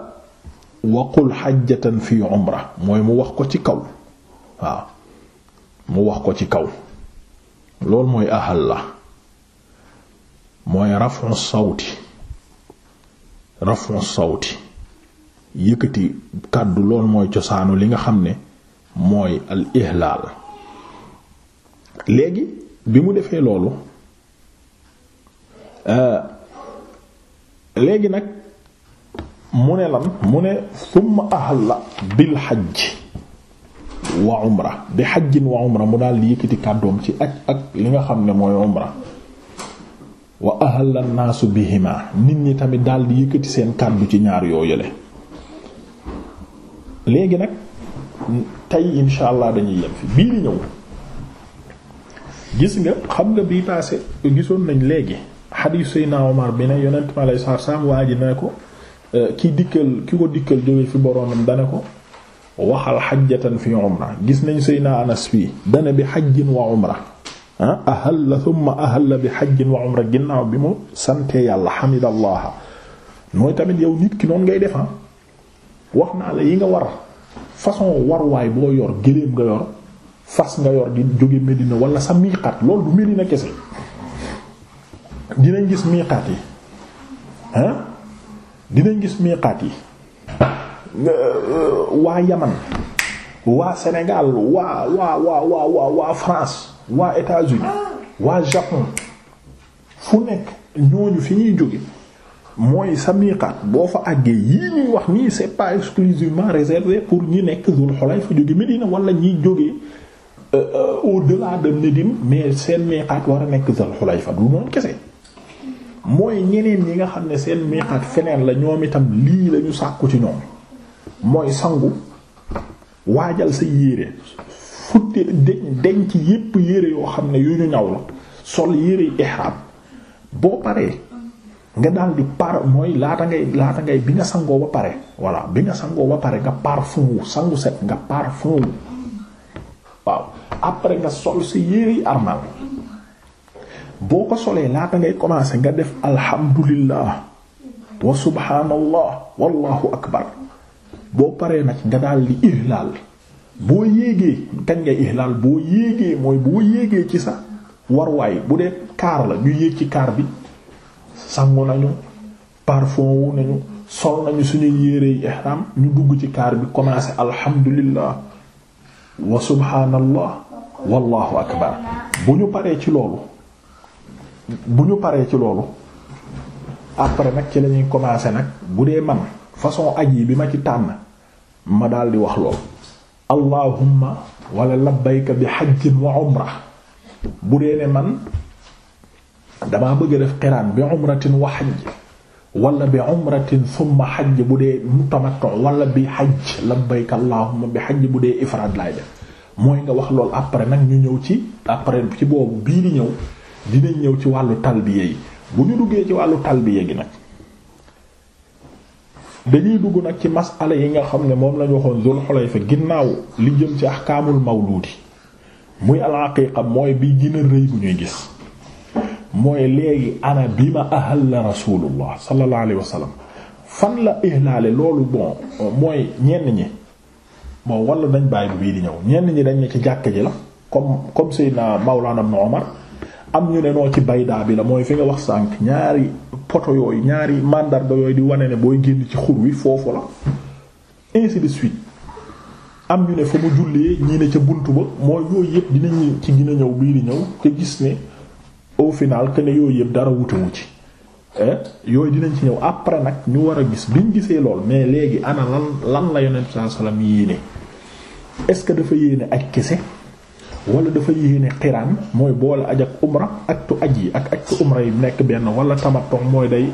waqul xajjatan fi umra mooy mu wax ko ci kaw waaw mu wax ko ci kaw loolu mooy ahal la mooy rafu sawti rafu sawti yëkkati kàddu lool mooy cosaanu li nga xam ne mooy al ihlaal léegi bi mu defee loolu euh, léegi nag mu ne lan mu ne summa ahalla bil xaj wa umra bi xajjin wa umra mu daal di yëkkati kàddoom ci ak ak li nga xam ne mooy umra wa ahalla naasu bihima nit ñi tamit daldi yëkkati seen kàddu ci ñaar yoo yële léegi nag tey insha allah dañuy yem fi bii di ñëw gis nga xam nga bi passé gisoon nañ léegi xadiis Seydina Omar bi ne yonent mi alayhi salaatu salaam waa ji ne ko euh, ki dikkal ki ko dikkal jóge fi boroomam dane ko waxal xajjatan fi umra gis nañ Seydina Anas fii dane bi xajjin wa umra Ah? ahal la thumma ahal la bi xajjin wa umra ginnaaw bi mu sante yàlla xamidallaha mooy tamit yow nit ki noonu ngay defan ah? wax naa la yi nga war façon warwaay boo yor géléem nga yor fas nga yor di jóge Medina wala sa miiqaat loolu du Medina kese dinañ gis miiqaat yi ah? dinañ gis miiqaat yi euh, waa Yaman waa Sénégal waa waa waa waa waa waa France waa États-Unis waa Japon fu nekk ñooñu fi ñuy jóge mooy sa miiqaat boo fa àggee yii ñuy wax nii c'est pas exclusivement réservé pour ñi nekk Dul Xulayfa jóge Médina wala ñiy jógee euh, euh, au-delà de Médine mais seen miiqaat war a nekk Dul Xulayfa du noonu kese mooy ñeneen ñi nga xam ne seen miiqaat feneen la ñoom itam lii la ñu sàkku ci ñoom mooy sangu waajal sa yéere futte denc yépp yére yoo xam ne yu ñu ñaw la sol yére ihram boo paree nga daal di par mooy laata ngay laata ngay bi nga sangoo ba pare voilà bi nga sangoo ba pare nga parfum wu sangu set nga parfum wu waaw après nga sol si yére yi armal boo ko solee laata ngay commencer nga def alhamdulillah wa subhanallah wallahu akbar boo paree nag nga daal di ihlal boo yéegee kañ nga ihlaal boo yéegee mooy boo yéegee ci sax warwaay bu dee kaar la ñu yéeg ci kaar bi sangu nañu parfum wu nañu sol nañu suñuy yérey ihram ñu dugg ci kaar bi commencé alhamdulillah wa subhanallah wallahu akbar bu ñu paree ci loolu bu ñu paree ci loolu après nag ci lañuy commencé nag bu dee man façon aj yi bi ma ci tànn ma daldi wax loolu allahumma wala labbayka bi xaj wa umra bu dee ne man damaa bëgg def xiraan bi umratin wa hajj wala bi umratin thumma hajj bu dee mutamattu wala bi hajj labbayka allahumma bi hajj bu dee ifraad laay def mooy nga wax loolu après nag ñu ñëw ci après ci boobu bii di ñëw dinañ ñëw ci wàllu talbiya yi bu ñu duggee ci wàllu talbiya gi nag dañuy dugg nag ci masala yi nga xam ne moom lañu waxoon zul xulayfa ginnaaw li jëm ci ahkaamul mawludi muy alaqiqa mooy bi gën a rëy bu ñuy gis mooy léegi ana bi ma ahal la rasulullah sallallahu alayhi fan la ihlaale loolu bon mooy ñenn ñi bon wala dañ bàyyi bu bii di ñëw ñenn ñi dañ ne ci jàkk ji la comme comme Seydina Mawlana Ibn Umar am ñu ne noo ci baydaa bi la mooy fi nga wax sànq ñaari poto yooyu ñaari mandarga yooyu di wane ne booy génn ci xur wi foofu la ainsi de suite am ñu ne fa mu jullee ñii ne ca bunt ba mooy yooyu yëpp dinañu ci gën a ñëw bii ñëw te gis ne au final que ne yooyu yëpp dara wutewu ci eh? yooyu dinañ ci ñëw après nag ñu war a gis biñ gisee lool mais léegi ana lan lan la yonent sallallahu alayhi yéene est-ce que dafa yéene ak kese wala dafa yéene xiraan mooy boole aj ak umra ak tu aj yi ak aj umra yi nekk benn wala tamattu mooy day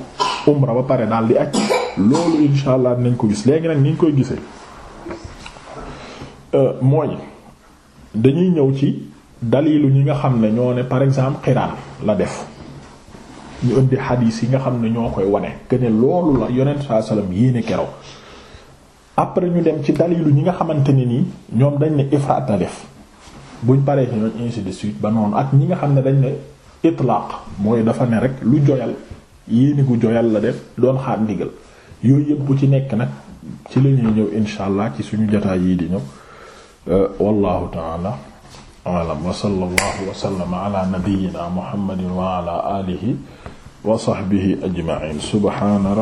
umra ba pare daal di aj loolu insha allah nañ ko gis léegi nag ni ñu koy gisee euh, mooy dañuy ñëw ci dalilu ñi nga xam ne ñoo ne par exemple xiraan la def ñu indi xadiis yi nga xam ne ñoo koy wane que loolu la yonent saa salaam yéene keroog après ñu dem ci dalilu ñi nga xamante ne nii ñoom dañ ne ifraat la def. buñ paree ci ñooñ ainsi suite ba noonu ak ñi nga xam ne dañ ne itlaq mooy dafa ne rek lu joyal yéeni gu joyal la def doon xaar ndigal yooyu yëpp bu ci nekk nag ci la ñuy ñëw insha allah ci suñu jotaay yii di ñëw euh, wallahu taala alam wa sallallahu wa sallama ala nabiyyina muhammadin wa ala alihi wa sahbihi ajma'in subhana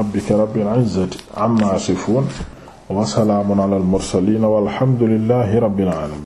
alamin